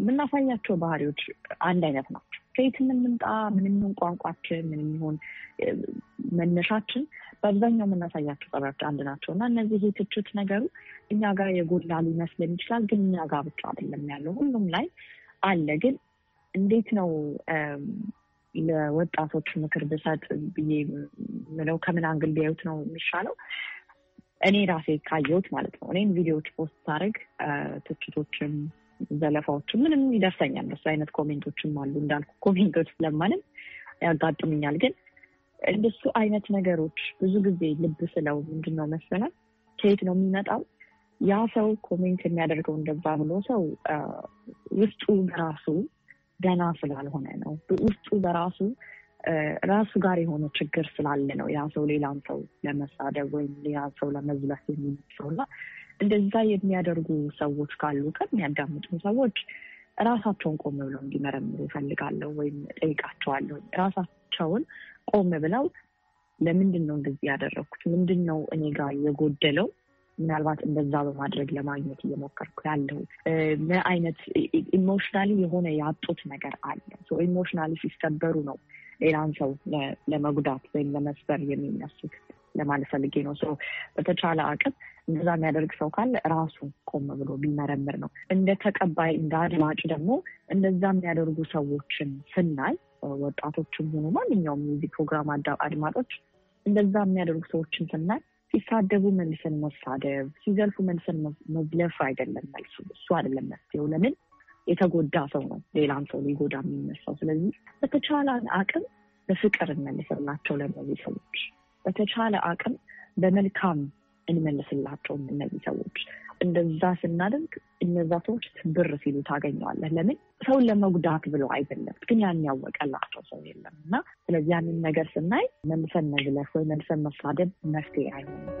የምናሳያቸው ባህሪዎች አንድ አይነት ናቸው። ከየት እንምጣ፣ ምን ይሁን ቋንቋችን፣ ምን ይሁን መነሻችን በአብዛኛው የምናሳያቸው ጸባዮች አንድ ናቸው እና እነዚህ የትችት ነገሩ እኛ ጋር የጎላ ሊመስልን ይችላል፣ ግን እኛ ጋር ብቻ አይደለም ያለው፣ ሁሉም ላይ አለ። ግን እንዴት ነው ለወጣቶች ምክር ብሰጥ ብዬ ምለው ከምን አንግል ቢያዩት ነው የሚሻለው? እኔ ራሴ ካየሁት ማለት ነው። እኔም ቪዲዮዎች ፖስት ሳደርግ ትችቶችም ዘለፋዎችም ምንም ይደርሰኛል። እንደሱ አይነት ኮሜንቶችም አሉ እንዳልኩ ኮሜንቶች ስለማንም ያጋጥሙኛል። ግን እንደሱ አይነት ነገሮች ብዙ ጊዜ ልብ ስለው ምንድን ነው መሰላል ከየት ነው የሚመጣው? ያ ሰው ኮሜንት የሚያደርገው እንደዛ ብሎ ሰው ውስጡ በራሱ ደህና ስላልሆነ ነው። ውስጡ በራሱ ራሱ ጋር የሆነ ችግር ስላለ ነው ያ ሰው ሌላን ሰው ለመሳደብ ወይም ያ ሰው ለመዝለፍ የሚመሰው እና እንደዛ የሚያደርጉ ሰዎች ካሉ ቀን የሚያዳምጡ ሰዎች ራሳቸውን ቆም ብለው እንዲመረምሩ ይፈልጋለሁ ወይም ጠይቃቸዋለሁ። ራሳቸውን ቆም ብለው ለምንድን ነው እንደዚህ ያደረግኩት? ምንድን ነው እኔ ጋር የጎደለው? ምናልባት እንደዛ በማድረግ ለማግኘት እየሞከርኩ ያለሁት ምን አይነት ኢሞሽናሊ የሆነ ያጡት ነገር አለ። ኢሞሽናሊ ሲሰበሩ ነው ሌላን ሰው ለመጉዳት ወይም ለመስበር የሚነሱት ለማለት ፈልጌ ነው። በተቻለ አቅም እንደዛ የሚያደርግ ሰው ካለ ራሱ ቆም ብሎ ቢመረምር ነው። እንደ ተቀባይ እንደ አድማጭ ደግሞ እንደዛ የሚያደርጉ ሰዎችን ስናይ፣ ወጣቶችም ሆኑ ማንኛውም የዚህ ፕሮግራም አድማጮች እንደዛ የሚያደርጉ ሰዎችን ስናይ ሲሳደቡ መልስን መሳደብ፣ ሲዘልፉ መልስን መዝለፍ አይደለም መልሱ እሱ አይደለም መፍትሄው ለምን የተጎዳ ሰው ነው ሌላም ሰው ሊጎዳ የሚነሳው። ስለዚህ በተቻለ አቅም በፍቅር እንመልስላቸው ለእነዚህ ሰዎች፣ በተቻለ አቅም በመልካም እንመልስላቸው እነዚህ ሰዎች። እንደዛ ስናደርግ እነዛ ሰዎች ትብር ሲሉ ታገኘዋለህ። ለምን ሰውን ለመጉዳት ብሎ አይደለም፣ ግን ያን ያወቀላቸው ሰው የለም እና ስለዚህ ያንን ነገር ስናይ መልሰን መዝለፍ ወይ መልሰን መሳደብ መፍትሄ አይሆንም።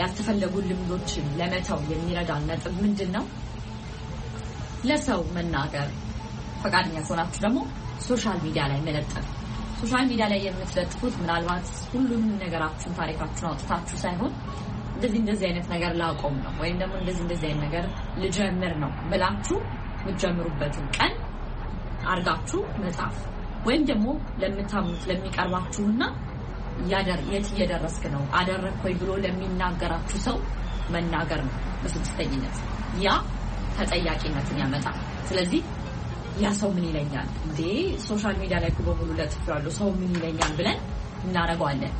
ያልተፈለጉ ልምዶችን ለመተው የሚረዳን ነጥብ ምንድን ነው? ለሰው መናገር ፈቃደኛ ከሆናችሁ ደግሞ ሶሻል ሚዲያ ላይ መለጠፍ። ሶሻል ሚዲያ ላይ የምትለጥፉት ምናልባት ሁሉም ነገራችሁን ታሪካችሁን አውጥታችሁ ሳይሆን እንደዚህ እንደዚህ አይነት ነገር ላቆም ነው ወይም ደግሞ እንደዚህ እንደዚህ አይነት ነገር ልጀምር ነው ብላችሁ የምትጀምሩበትን ቀን አድርጋችሁ መጻፍ ወይም ደግሞ ለምታምኑት ለሚቀርባችሁና የት እየደረስክ ነው ኮይ ብሎ ለሚናገራችሁ ሰው መናገር ነው በስድስተኝነት ያ ተጠያቂነትን ያመጣል። ስለዚህ ያ ሰው ምን ይለኛል እንዴ ሶሻል ሚዲያ ላይ በሙሉ ለጥፍ ያሉ ሰው ምን ይለኛል ብለን እናደረገዋለን?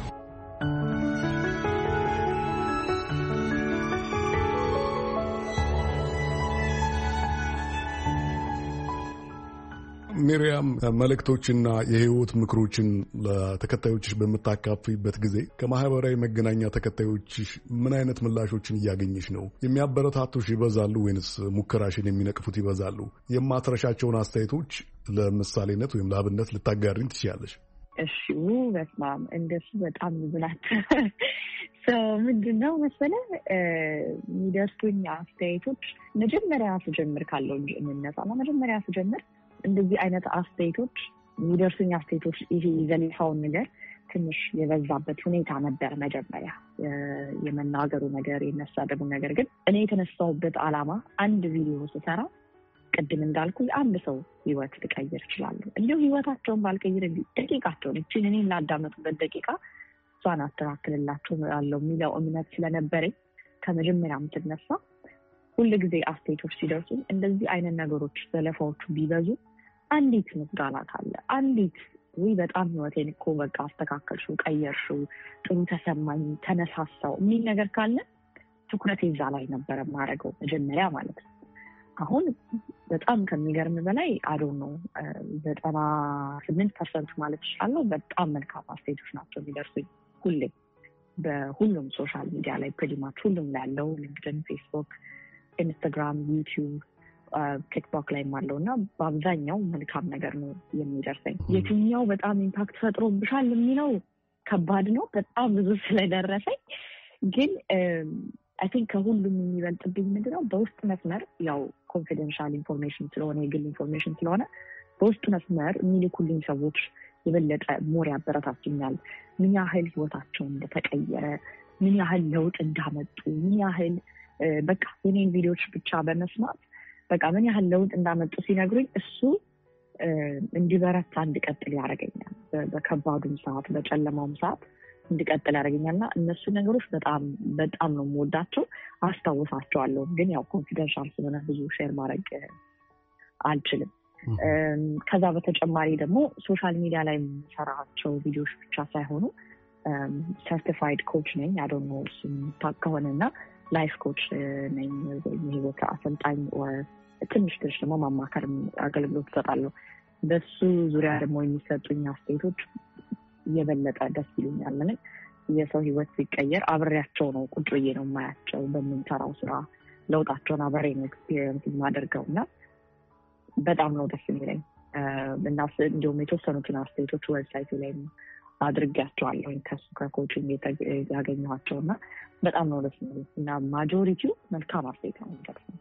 ሚሪያም መልእክቶችና የህይወት ምክሮችን ለተከታዮችሽ በምታካፍይበት ጊዜ ከማህበራዊ መገናኛ ተከታዮችሽ ምን አይነት ምላሾችን እያገኘሽ ነው? የሚያበረታቱሽ ይበዛሉ ወይንስ ሙከራሽን የሚነቅፉት ይበዛሉ? የማትረሻቸውን አስተያየቶች ለምሳሌነት ወይም ለአብነት ልታጋሪን ትችያለሽ? እሺ በስማም እንደሱ በጣም ብዙ ናት። ምንድን ነው መሰለ የሚደርሱኝ አስተያየቶች መጀመሪያ ስጀምር ካለው እንጂ የምነጻ መጀመሪያ ስጀምር እንደዚህ አይነት አስተያየቶች የሚደርሱኝ አስተያየቶች ይሄ ዘለፋውን ነገር ትንሽ የበዛበት ሁኔታ ነበር። መጀመሪያ የመናገሩ ነገር የነሳደቡ ነገር ግን እኔ የተነሳሁበት አላማ አንድ ቪዲዮ ስሰራ ቅድም እንዳልኩ የአንድ ሰው ህይወት ልቀይር እችላለሁ። እንዲሁ ህይወታቸውን ባልቀይር ደቂቃቸውን እችን እኔ ላዳመጡበት ደቂቃ እሷን አስተካክልላቸው ያለው የሚለው እምነት ስለነበረኝ ከመጀመሪያ ሁሉ ጊዜ አስተያየቶች ሲደርሱ እንደዚህ አይነት ነገሮች ዘለፋዎቹ ቢበዙ አንዲት ምስጋና ካለ አንዲት ወይ በጣም ህይወቴን እኮ በቃ አስተካከልሽው፣ ቀየርሽው፣ ጥሩ ተሰማኝ፣ ተነሳሳው የሚል ነገር ካለ ትኩረት እዛ ላይ ነበረ የማደርገው መጀመሪያ ማለት ነው። አሁን በጣም ከሚገርም በላይ አዶ ነው ዘጠና ስምንት ፐርሰንት ማለት ይችላለሁ። በጣም መልካም አስቴጆች ናቸው የሚደርሱኝ ሁሌ በሁሉም ሶሻል ሚዲያ ላይ ፕሪማች ሁሉም ላይ ያለው ሊንክድን፣ ፌስቡክ፣ ኢንስታግራም፣ ዩቲዩብ ቲክቶክ ላይ አለው እና በአብዛኛው መልካም ነገር ነው የሚደርሰኝ። የትኛው በጣም ኢምፓክት ፈጥሮብሻል የሚለው ከባድ ነው። በጣም ብዙ ስለደረሰኝ ግን አይ ቲንክ ከሁሉም የሚበልጥብኝ ምንድነው በውስጥ መስመር ያው ኮንፊደንሻል ኢንፎርሜሽን ስለሆነ የግል ኢንፎርሜሽን ስለሆነ በውስጥ መስመር የሚልኩልኝ ሰዎች የበለጠ ሞር ያበረታችኛል። ምን ያህል ህይወታቸው እንደተቀየረ፣ ምን ያህል ለውጥ እንዳመጡ፣ ምን ያህል በቃ የኔን ቪዲዮዎች ብቻ በመስማት በቃ ምን ያህል ለውጥ እንዳመጡ ሲነግሩኝ እሱ እንዲበረታ እንድቀጥል ያደርገኛል። በከባዱም ሰዓት በጨለማውም ሰዓት እንድቀጥል ያደርገኛል እና እነሱ ነገሮች በጣም በጣም ነው የምወዳቸው፣ አስታውሳቸዋለሁ። ግን ያው ኮንፊደንሻል ስለሆነ ብዙ ሼር ማድረግ አልችልም። ከዛ በተጨማሪ ደግሞ ሶሻል ሚዲያ ላይ የምሰራቸው ቪዲዮዎች ብቻ ሳይሆኑ ሰርቲፋይድ ኮች ነኝ። አዶኖ እሱ ከሆነ እና ላይፍ ኮች eh, ነኝ ወይም የህይወት አሰልጣኝ ኦር ትንሽ ትንሽ ደግሞ ማማከር አገልግሎት እሰጣለሁ። በሱ ዙሪያ ደግሞ የሚሰጡኝ አስተያየቶች የበለጠ ደስ ይሉኛል። ምን የሰው ህይወት ሲቀየር አብሬያቸው ነው ቁጭ ብዬ ነው የማያቸው። በምንሰራው ስራ ለውጣቸውን አብሬ ነው ኤክስፒሪየንስ የማደርገው እና በጣም ነው ደስ የሚለኝ እና እንዲሁም የተወሰኑትን አስተያየቶች ዌብሳይቱ ላይ አድርጊያቸዋለሁኝ ከሱ ከኮቹ ያገኘኋቸው እና በጣም ነው ደስ እና ማጆሪቲው መልካም አፍሪካ ነው የሚደርሰው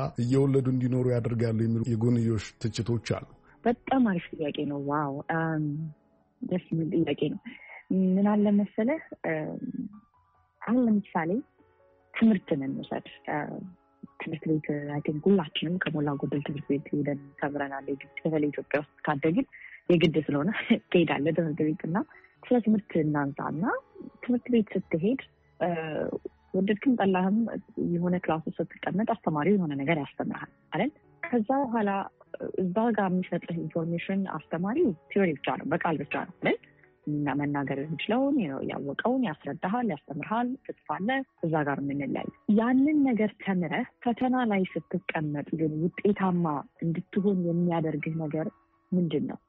እየወለዱ እንዲኖሩ ያደርጋሉ የሚሉ የጎንዮሽ ትችቶች አሉ። በጣም አሪፍ ጥያቄ ነው። ዋው ደስ የሚል ጥያቄ ነው። ምን አለ መሰለህ፣ አሁን ለምሳሌ ትምህርትን እንውሰድ። ትምህርት ቤት አይ ሁላችንም ከሞላ ጎደል ትምህርት ቤት ሄደን ተምረናል። በተለይ ኢትዮጵያ ውስጥ ካደግን የግድ ስለሆነ [LAUGHS] ትሄዳለህ ትምህርት ቤት እና ስለ ትምህርት እናንሳ እና ትምህርት ቤት ስትሄድ ወደድክም ጠላህም የሆነ ክላስ ውስጥ ስትቀመጥ አስተማሪው የሆነ ነገር ያስተምርሃል አይደል? ከዛ በኋላ እዛ ጋር የሚሰጥህ ኢንፎርሜሽን አስተማሪው ቲዮሪ ብቻ ነው፣ በቃል ብቻ ነው አይደል? መናገር የምችለውን ያወቀውን ያስረዳሃል፣ ያስተምርሃል፣ ትጽፋለህ። እዛ ጋር የምንለያይ ያንን ነገር ተምረህ ፈተና ላይ ስትቀመጥ ግን ውጤታማ እንድትሆን የሚያደርግህ ነገር ምንድን ነው?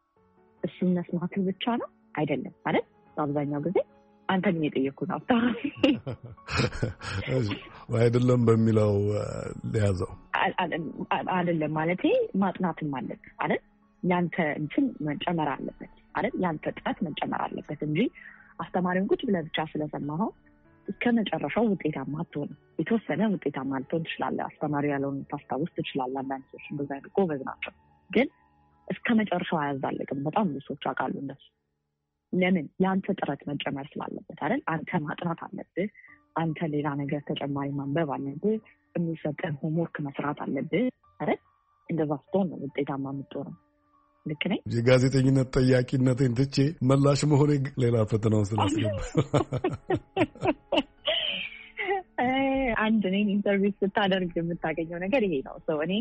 እሱን መስማትህ ብቻ ነው አይደለም ማለት በአብዛኛው ጊዜ አንተን የጠየኩህ ነው። [LAUGHS] አይደለም በሚለው ሊያዘው አይደለም ማለት ማጥናትም አለብህ አይደል? ያንተ እንትን መጨመር አለበት አይደል? ያንተ ጥናት መጨመር አለበት እንጂ አስተማሪውን ቁጭ ብለህ ብቻ ስለሰማኸው እስከ መጨረሻው ውጤታማ አትሆንም። የተወሰነ ውጤታማ ልትሆን ትችላለህ። አስተማሪ ያለውን ታስታውስ ትችላለህ። አንዳንድ ሰዎች እንደዛ ጎበዝ ናቸው፣ ግን እስከ መጨረሻው አያዛልቅም። በጣም ብዙ ሰዎች አውቃለሁ እንደሱ ለምን የአንተ ጥረት መጨመር ስላለበት አይደል? አንተ ማጥናት አለብህ። አንተ ሌላ ነገር ተጨማሪ ማንበብ አለብህ። የሚሰጠን ሆምወርክ መስራት አለብህ አይደል? እንደዛ ስትሆን ነው ውጤታማ የምትሆነው። ልክ ነኝ። የጋዜጠኝነት ጠያቂነቴን ትቼ መላሽ መሆኔ ሌላ ፈተናውን ስላስገባ [LAUGHS] አንድ እኔን ኢንተርቪው ስታደርግ የምታገኘው ነገር ይሄ ነው። ሰው እኔ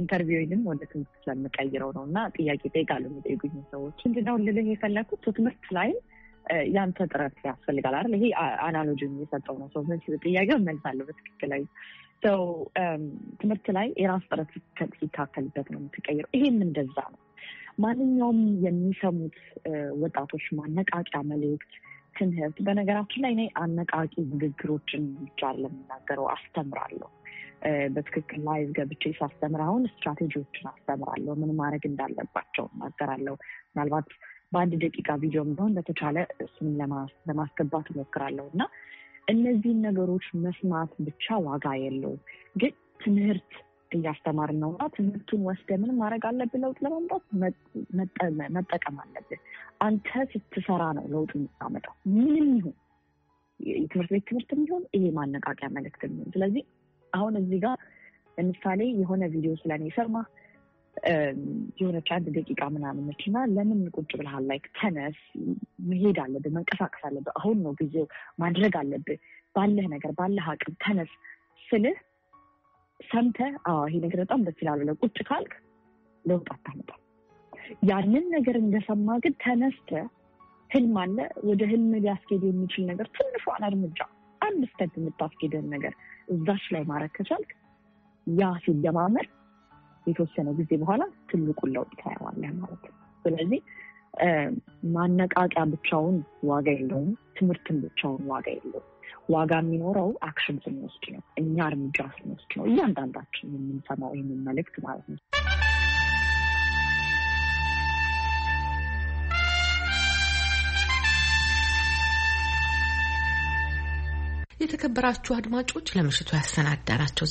ኢንተርቪውንም ወደ ትምህርት ስለምቀይረው ነው እና ጥያቄ ጠይቃሉ የሚጠይቁኝ ሰዎች። ምንድነው ልልህ የፈለግኩት ትምህርት ላይ ያንተ ጥረት ያስፈልጋል አይደል? ይሄ አናሎጂ የሚሰጠው ነው። ሰው ጥያቄው መልሳለሁ በትክክል ላይ ሰው ትምህርት ላይ የራስ ጥረት ሲታከልበት ነው የምትቀይረው። ይሄም እንደዛ ነው። ማንኛውም የሚሰሙት ወጣቶች ማነቃቂያ መልእክት ትምህርት በነገራችን ላይ እኔ አነቃቂ ንግግሮችን ብቻ ለምናገረው አስተምራለሁ በትክክል ላይ ገብቼ ሳስተምር አሁን ስትራቴጂዎችን አስተምራለሁ። ምን ማድረግ እንዳለባቸው እናገራለሁ። ምናልባት በአንድ ደቂቃ ቪዲዮም ቢሆን በተቻለ እሱን ለማስገባት እሞክራለሁ እና እነዚህን ነገሮች መስማት ብቻ ዋጋ የለውም። ግን ትምህርት እያስተማርን ነው እና ትምህርቱን ወስደ ምን ማድረግ አለብን ለውጥ ለማምጣት መጠቀም አለብን። አንተ ስትሰራ ነው ለውጥ የምታመጣው። ምንም ይሁን የትምህርት ቤት ትምህርት የሚሆን ይሄ ማነቃቂያ መልእክት የሚሆን ስለዚህ አሁን እዚህ ጋር ለምሳሌ የሆነ ቪዲዮ ስለኔ ሰርማ የሆነች አንድ ደቂቃ ምናምን መኪና ለምን ቁጭ ብለሃል? ላይክ ተነስ፣ መሄድ አለብህ፣ መንቀሳቀስ አለብህ። አሁን ነው ጊዜው፣ ማድረግ አለብህ፣ ባለህ ነገር ባለህ አቅም ተነስ ስልህ ሰምተህ ይሄ ነገር በጣም ደስ ይላል ብለህ ቁጭ ካልክ ለውጥ አታመጣም። ያንን ነገር እንደሰማ ግን ተነስተ ህልም አለ፣ ወደ ህልም ሊያስኬድ የሚችል ነገር ትንሿን እርምጃ አንድ ስተት የምታስኬደን ነገር እዛች ላይ ማድረግ ከቻልክ ያ ሲደማመር የተወሰነ ጊዜ በኋላ ትልቁን ለውጥ ታየዋለህ ማለት ነው። ስለዚህ ማነቃቂያ ብቻውን ዋጋ የለውም፣ ትምህርትን ብቻውን ዋጋ የለውም። ዋጋ የሚኖረው አክሽን ስንወስድ ነው፣ እኛ እርምጃ ስንወስድ ነው። እያንዳንዳችን የምንሰማው ይህንን መልእክት ማለት ነው። የተከበራችሁ አድማጮች ለምሽቱ ያሰናዳናቸው